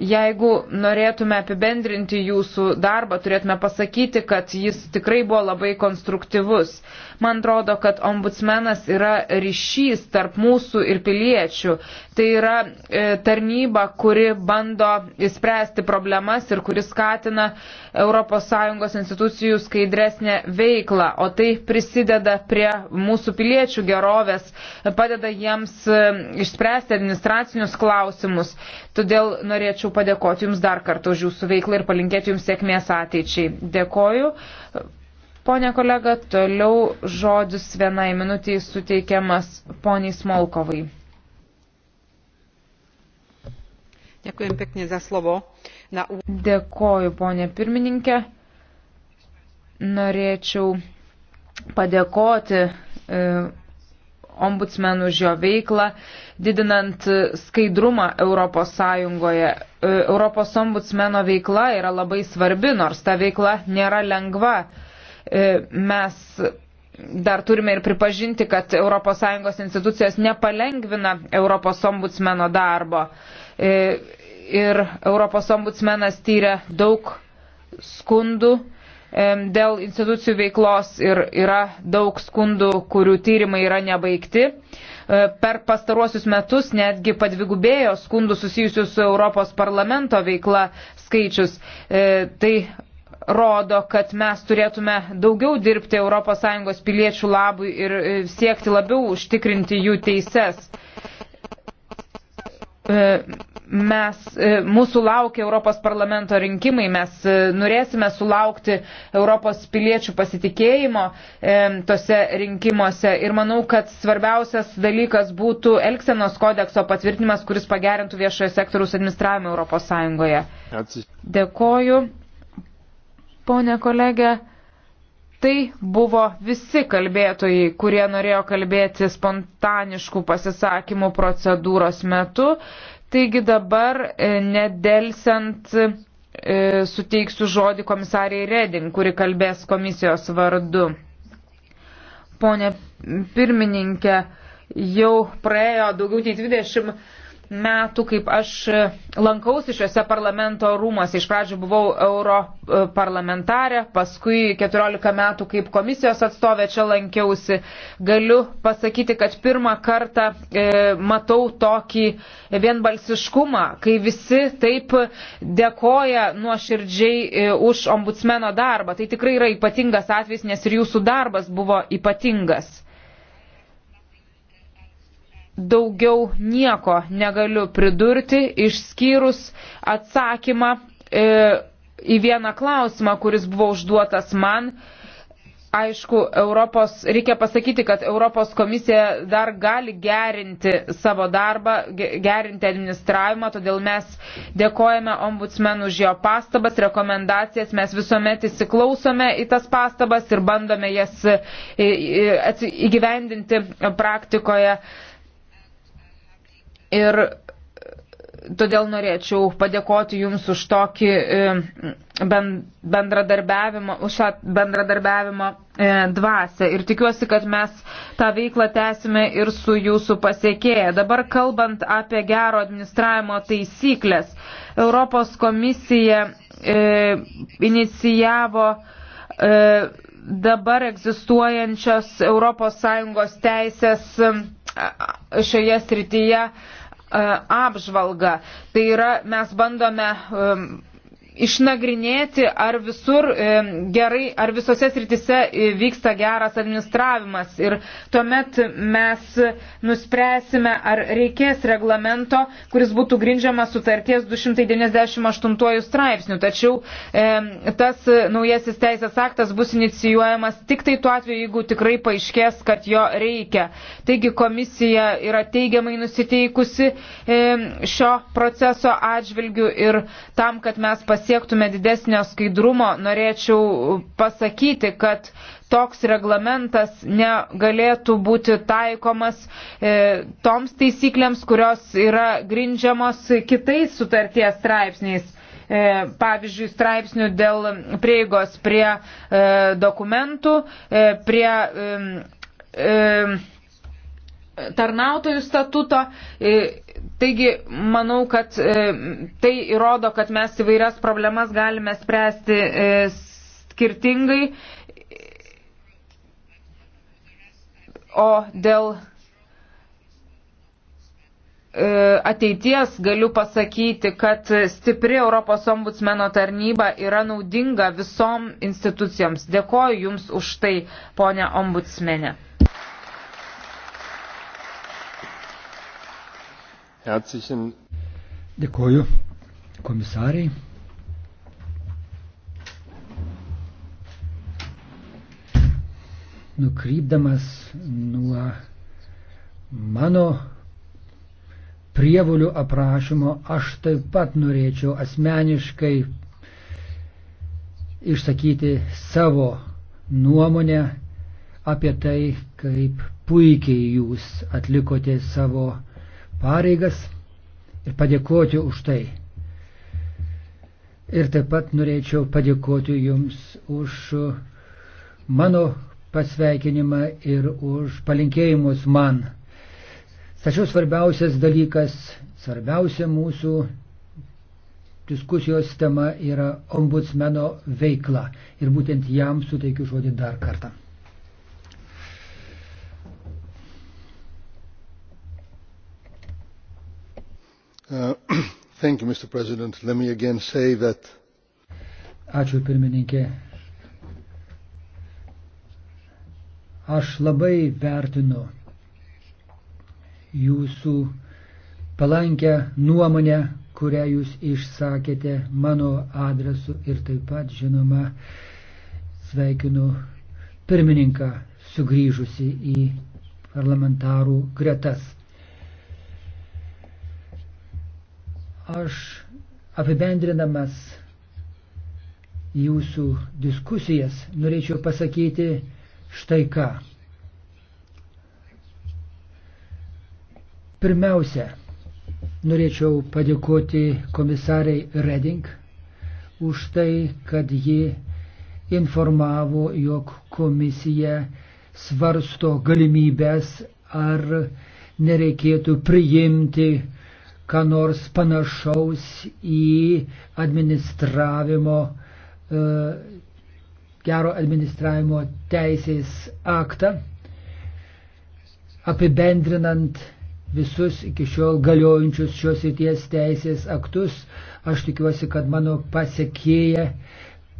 Jeigu norėtume apibendrinti jūsų darbą, turėtume pasakyti, kad jis tikrai buvo labai konstruktyvus. Man atrodo, kad ombudsmenas yra ryšys tarp mūsų ir piliečių. Tai yra e, tarnyba, kuri bando įspręsti problemas ir kuri skatina ES institucijų skaidresnę veiklą, o tai prisideda prie mūsų piliečių gerovės, padeda jiems e, išspręsti administracinius klausimus. Todėl norėčiau padėkoti Jums dar kartą už Jūsų veiklą ir palinkėti Jums sėkmės ateičiai. Dėkoju. Pone kolega, toliau žodis vienai minutiai suteikiamas poniai Smolkovai. Ďakujem pekne za slovo. Na... Dėkoju, ponė pirmininkė. Norėčiau padėkoti e, ombudsmenų už jo veiklą, didinant skaidrumą Europos Sąjungoje. E, Europos ombudsmeno veikla yra labai svarbi, nors ta veikla nėra lengva. E, mes dar turime ir pripažinti, kad ES institucijos nepalengvina Europos ombudsmeno darbo. E, ir Europos ombudsmenas tyrė daug skundų dėl institucijų veiklos ir yra daug skundų, kurių tyrimai yra nebaigti. E, per pastaruosius metus netgi padvigubėjo skundų susijusių su Europos parlamento veikla skaičius. E, tai rodo, kad mes turėtume daugiau dirbti ES piliečių labui ir e, siekti labiau užtikrinti jų teises mes, e, mūsų laukia Europos parlamento rinkimai, mes e, norėsime sulaukti Europos piliečių pasitikėjimo e, tose rinkimuose ir manau, kad svarbiausias dalykas būtų Elksenos kodekso patvirtinimas, kuris pagerintų viešojo sektoriaus administravimą Europos Sąjungoje. Dėkoju, ponė kolegė. Tai buvo visi kalbėtojai, kurie norėjo kalbėti spontaniškų pasisakymų procedūros metu. Taigi dabar e, nedelsiant e, suteiksiu žodį komisariai Redin, kuri kalbės komisijos vardu. Pone pirmininkė, jau praėjo daugiau nei 20 metų, kaip aš lankausi šiuose parlamento rūmose. Iš pradžių buvau europarlamentarė, paskui 14 metų kaip komisijos atstovė čia lankiausi. Galiu pasakyti, kad pirmą kartą e, matau tokį vienbalsiškumą, kai visi taip dėkoja nuoširdžiai e, už ombudsmeno darbą. Tai tikrai yra ypatingas atvejs, nes ir jūsų darbas buvo ypatingas daugiau nieko negaliu pridurti, išskyrus atsakymą e, į vieną klausimą, kuris buvo užduotas man. Aišku, Europos, reikia pasakyti, kad Europos komisija dar gali gerinti savo darbą, gerinti administravimą, todėl mes dėkojame ombudsmenų už jo pastabas, rekomendacijas, mes visuomet įsiklausome į tas pastabas ir bandome jas e, e, įgyvendinti praktikoje. E, Ir todėl norėčiau padėkoti Jums už tokį e, bendradarbiavimą, už šią bendradarbiavimo e, dvasę. Ir tikiuosi, kad mes tą veiklą tęsime ir su Jūsų pasiekėja. Dabar kalbant apie gero administravimo taisyklės, Europos komisija e, inicijavo e, dabar egzistuojančios ES teisės e, šioje srityje E, apžvalgą. Tai yra, mes bandome e, išnagrinėti, ar visur e, gerai, ar visose sritise e, vyksta geras administravimas. Ir tuomet mes nuspręsime, ar reikės reglamento, kuris būtų grindžiamas sutarties 298 straipsnių. Tačiau e, tas naujasis teisės aktas bus inicijuojamas tik tai tuo atveju, jeigu tikrai paaiškės, kad jo reikia. Taigi komisija yra teigiamai nusiteikusi šio proceso atžvilgių ir tam, kad mes pasiektume siektume didesnio skaidrumo, norėčiau pasakyti, kad toks reglamentas negalėtų būti taikomas e, toms taisyklėms, kurios yra grindžiamos kitais sutarties straipsniais. E, pavyzdžiui, straipsnių dėl prieigos prie e, dokumentų, e, prie. E, e, tarnautojų statuto. E, taigi, manau, kad e, tai įrodo, kad mes įvairias problemas galime spręsti e, skirtingai. O dėl ateities galiu pasakyti, kad stipri Europos ombudsmeno tarnyba yra naudinga visom institucijoms. Dėkoju Jums už tai, ponia ombudsmenė. Herzlichen. Dėkoju komisariai. Nukrypdamas nuo mano prievolių aprašymo, aš taip pat norėčiau asmeniškai išsakyti savo nuomonę apie tai, kaip puikiai jūs atlikote savo pareigas ir padėkoti už tai. Ir taip pat norėčiau padėkoti Jums už mano pasveikinimą ir už palinkėjimus man. Tačiau svarbiausias dalykas, svarbiausia mūsų diskusijos tema yra ombudsmeno veikla. Ir būtent jam suteikiu žodį dar kartą. Uh, you, Mr. President. Let me again say that. Ačiū pirmininkė. Aš labai vertinu jūsų palankę nuomonę, kurią jūs išsakėte mano adresu ir taip pat, žinoma, sveikinu pirmininką sugrįžusi į parlamentarų gretas. Aš apibendrinamas jūsų diskusijas norėčiau pasakyti štai ką. Pirmiausia, norėčiau padėkoti komisariai Reding už tai, kad ji informavo, jog komisija svarsto galimybės ar nereikėtų priimti ką nors panašaus į administravimo, e, gero administravimo teisės aktą, apibendrinant visus iki šiol galiojančius šios įties teisės aktus. Aš tikiuosi, kad mano pasiekėja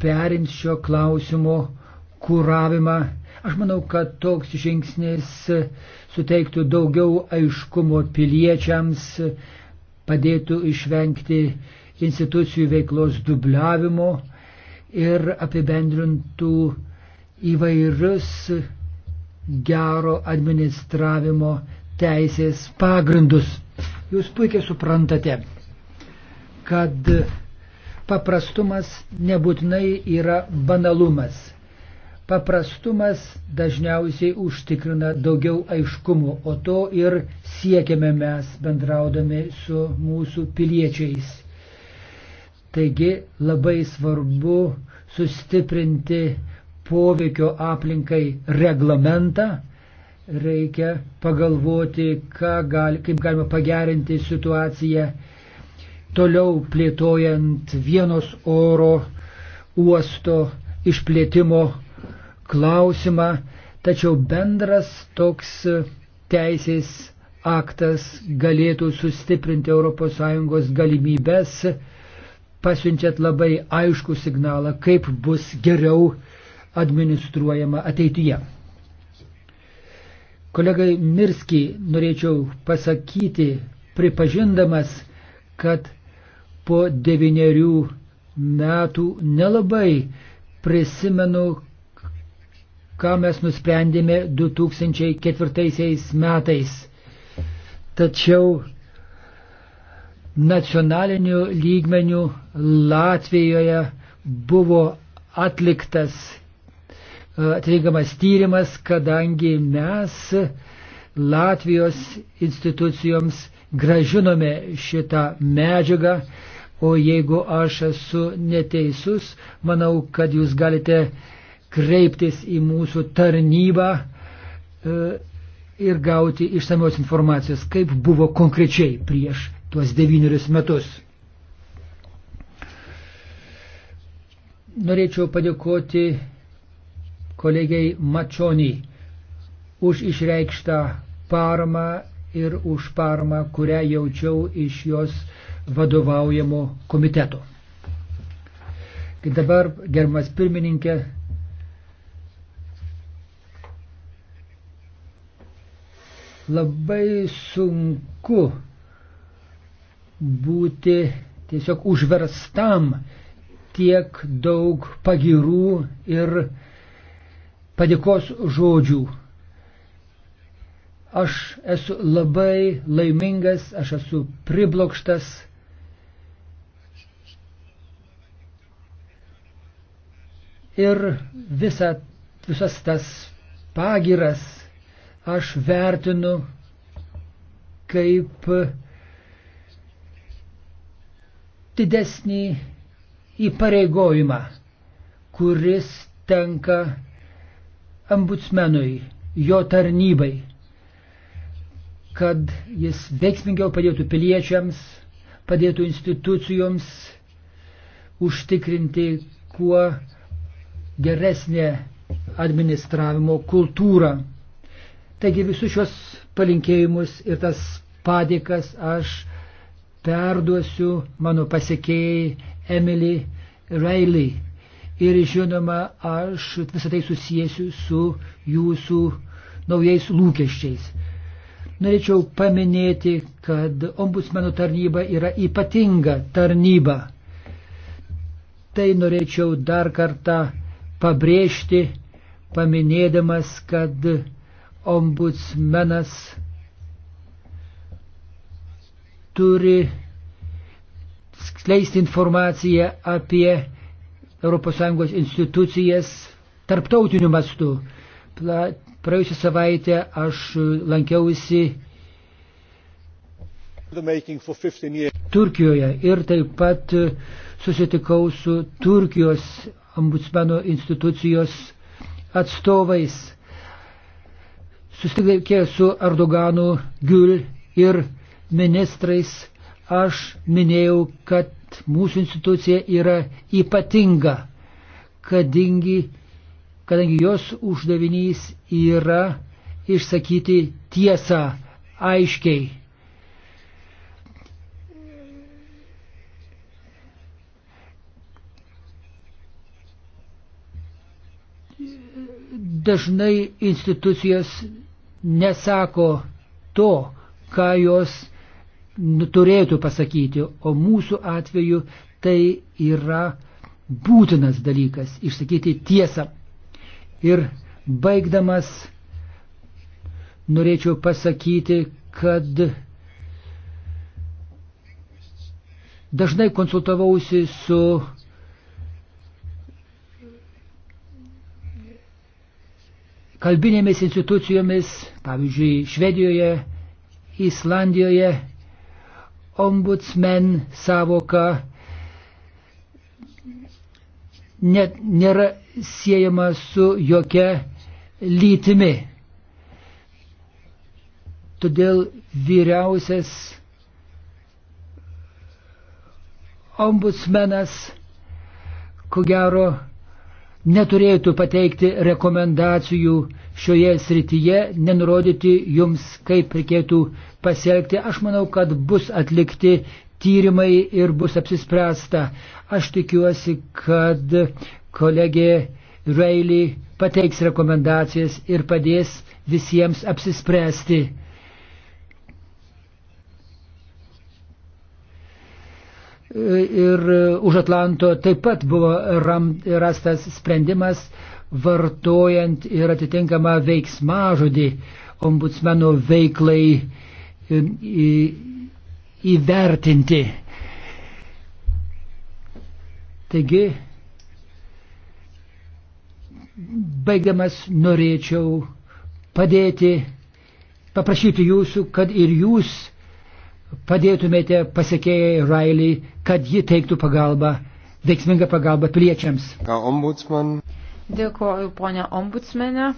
perins šio klausimo kūravimą. Aš manau, kad toks žingsnis suteiktų daugiau aiškumo piliečiams, padėtų išvengti institucijų veiklos dubliavimo ir apibendrintų įvairius gero administravimo teisės pagrindus. Jūs puikiai suprantate, kad paprastumas nebūtinai yra banalumas. Paprastumas dažniausiai užtikrina daugiau aiškumo, o to ir siekiame mes bendraudami su mūsų piliečiais. Taigi labai svarbu sustiprinti poveikio aplinkai reglamentą, reikia pagalvoti, gali, kaip galima pagerinti situaciją toliau plėtojant vienos oro uosto išplėtimo klausimą, tačiau bendras toks teisės aktas galėtų sustiprinti ES galimybės, pasiunčiat labai aišku signalą, kaip bus geriau administruojama ateityje. Kolegai Mirski norėčiau pasakyti, pripažindamas, kad po devyniarių metų nelabai prisimenu, ką mes nusprendėme 2004 metais. Tačiau nacionaliniu lygmeniu Latvijoje buvo atliktas e, atitinkamas tyrimas, kadangi mes Latvijos institucijoms gražinome šitą medžiagą, o jeigu aš esu neteisus, manau, kad jūs galite uh, kreiptis į mūsų tarnybą e, ir gauti išsamios informacijos, kaip buvo konkrečiai prieš tuos devynerius metus. Norėčiau padėkoti kolegiai Mačioniai už išreikštą paramą ir už paramą, kurią jaučiau iš jos vadovaujamo komiteto. Dabar, germas pirmininkė, Labai sunku būti tiesiog užverstam tiek daug pagirų ir padėkos žodžių. Aš esu labai laimingas, aš esu priblokštas. Ir visa, visas tas pagiras aš vertinu kaip didesnį įpareigojimą, kuris tenka ambutsmenui, jo tarnybai, kad jis veiksmingiau padėtų piliečiams, padėtų institucijoms užtikrinti kuo geresnę administravimo kultūrą. Taigi visus šios palinkėjimus ir tas padėkas aš perduosiu mano pasiekėjai Emily Reilly. Ir žinoma, aš visą tai susijęsiu su jūsų naujais lūkesčiais. Norėčiau paminėti, kad ombudsmenų tarnyba yra ypatinga tarnyba. Tai norėčiau dar kartą pabrėžti, paminėdamas, kad ombudsmenas turi skleisti informaciją apie ES institucijas tarptautiniu mastu. Praėjusią savaitę aš lankiausi Turkijoje ir taip pat susitikau su Turkijos ombudsmeno institucijos atstovais susiveikė su Erdoganu, Gül ir ministrais, aš minėjau, kad mūsų institucija yra ypatinga, kadangi, kadangi jos uždavinys yra išsakyti tiesą aiškiai. Dažnai institucijos nesako to, ką jos nu, turėtų pasakyti, o mūsų atveju tai yra būtinas dalykas išsakyti tiesą. Ir baigdamas norėčiau pasakyti, kad dažnai konsultavausi su kalbinėmis institucijomis, pavyzdžiui, Švedijoje, Islandijoje, ombudsmen savoka net nėra siejama su jokia lytimi. Todėl vyriausias ombudsmenas, ko gero, neturėtų pateikti rekomendacijų šioje srityje, nenurodyti jums, kaip reikėtų pasielgti. Aš manau, kad bus atlikti tyrimai ir bus apsispręsta. Aš tikiuosi, kad kolegė Reilly pateiks rekomendacijas ir padės visiems apsispręsti. ir už Atlanto taip pat buvo ram, rastas sprendimas vartojant ir atitinkamą veiksmažodį ombudsmeno veiklai e, įvertinti. Taigi, baigdamas norėčiau padėti, paprašyti jūsų, kad ir jūs padėtumėte pasiekėjai Railiai, kad ji teiktų pagalbą, veiksmingą pagalbą piliečiams. Dėkoju, ponia ombudsmenė.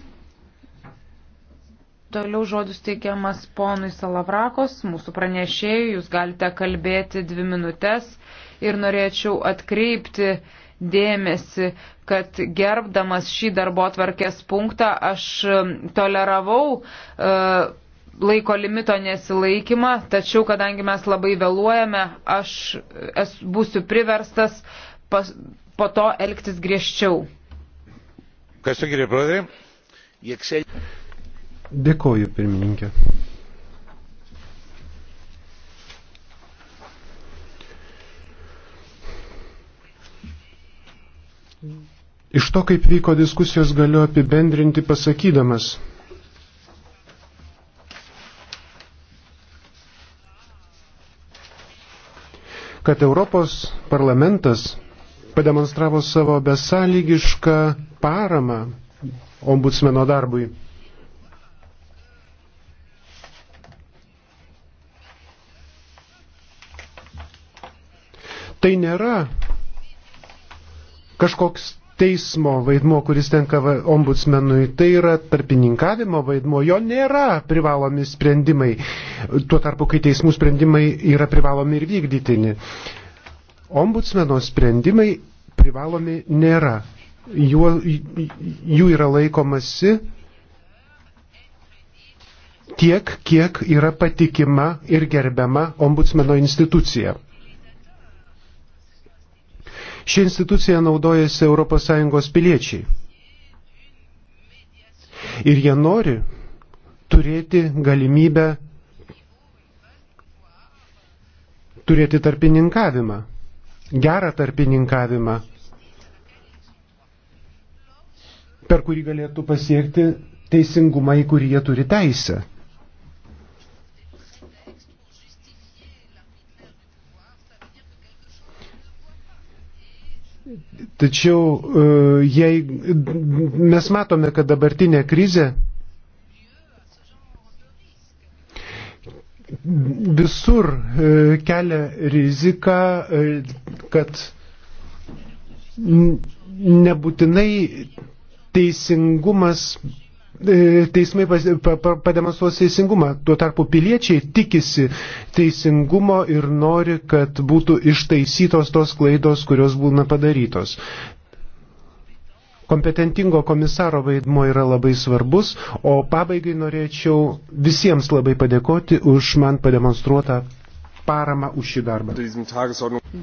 Toliau žodis teikiamas ponui Salavrakos, mūsų pranešėjui, jūs galite kalbėti dvi minutės ir norėčiau atkreipti dėmesį, kad gerbdamas šį darbo atvarkės punktą aš toleravau uh, laiko limito nesilaikymą, tačiau kadangi mes labai vėluojame, aš es, būsiu priverstas pas, po to elgtis griežčiau. Dėkoju, pirmininkė. Iš to, kaip vyko diskusijos, galiu apibendrinti pasakydamas, kad Europos parlamentas pademonstravo savo besąlygišką paramą ombudsmeno darbui. Tai nėra kažkoks teismo vaidmo, kuris tenka ombudsmenui, tai yra tarpininkavimo vaidmo, jo nėra privalomi sprendimai, tuo tarpu, kai teismų sprendimai yra privalomi ir vykdytini. Ombudsmeno sprendimai privalomi nėra. Juo, jų yra laikomasi tiek, kiek yra patikima ir gerbiama ombudsmeno institucija. Ši institucija naudojasi ES piliečiai. Ir jie nori turėti galimybę turėti tarpininkavimą, gerą tarpininkavimą, per kurį galėtų pasiekti teisingumą, į kurį jie turi teisę. Tačiau e, jei mes matome, kad dabartinė krizė visur e, kelia riziką, e, kad nebūtinai teisingumas E, teismai pademonstruos teisingumą. Tuo tarpu piliečiai tikisi teisingumo ir nori, kad būtų ištaisytos tos klaidos, kurios būna padarytos. Kompetentingo komisaro vaidmuo yra labai svarbus, o pabaigai norėčiau visiems labai padėkoti už man pademonstruotą paramą už šį darbą.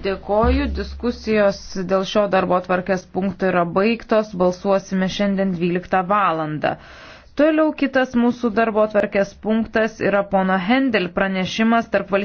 Dėkoju, diskusijos dėl šio darbo tvarkės punktų yra baigtos, balsuosime šiandien 12 valandą. Toliau kitas mūsų darbo tvarkės punktas yra pono Hendel pranešimas tarp valstybės.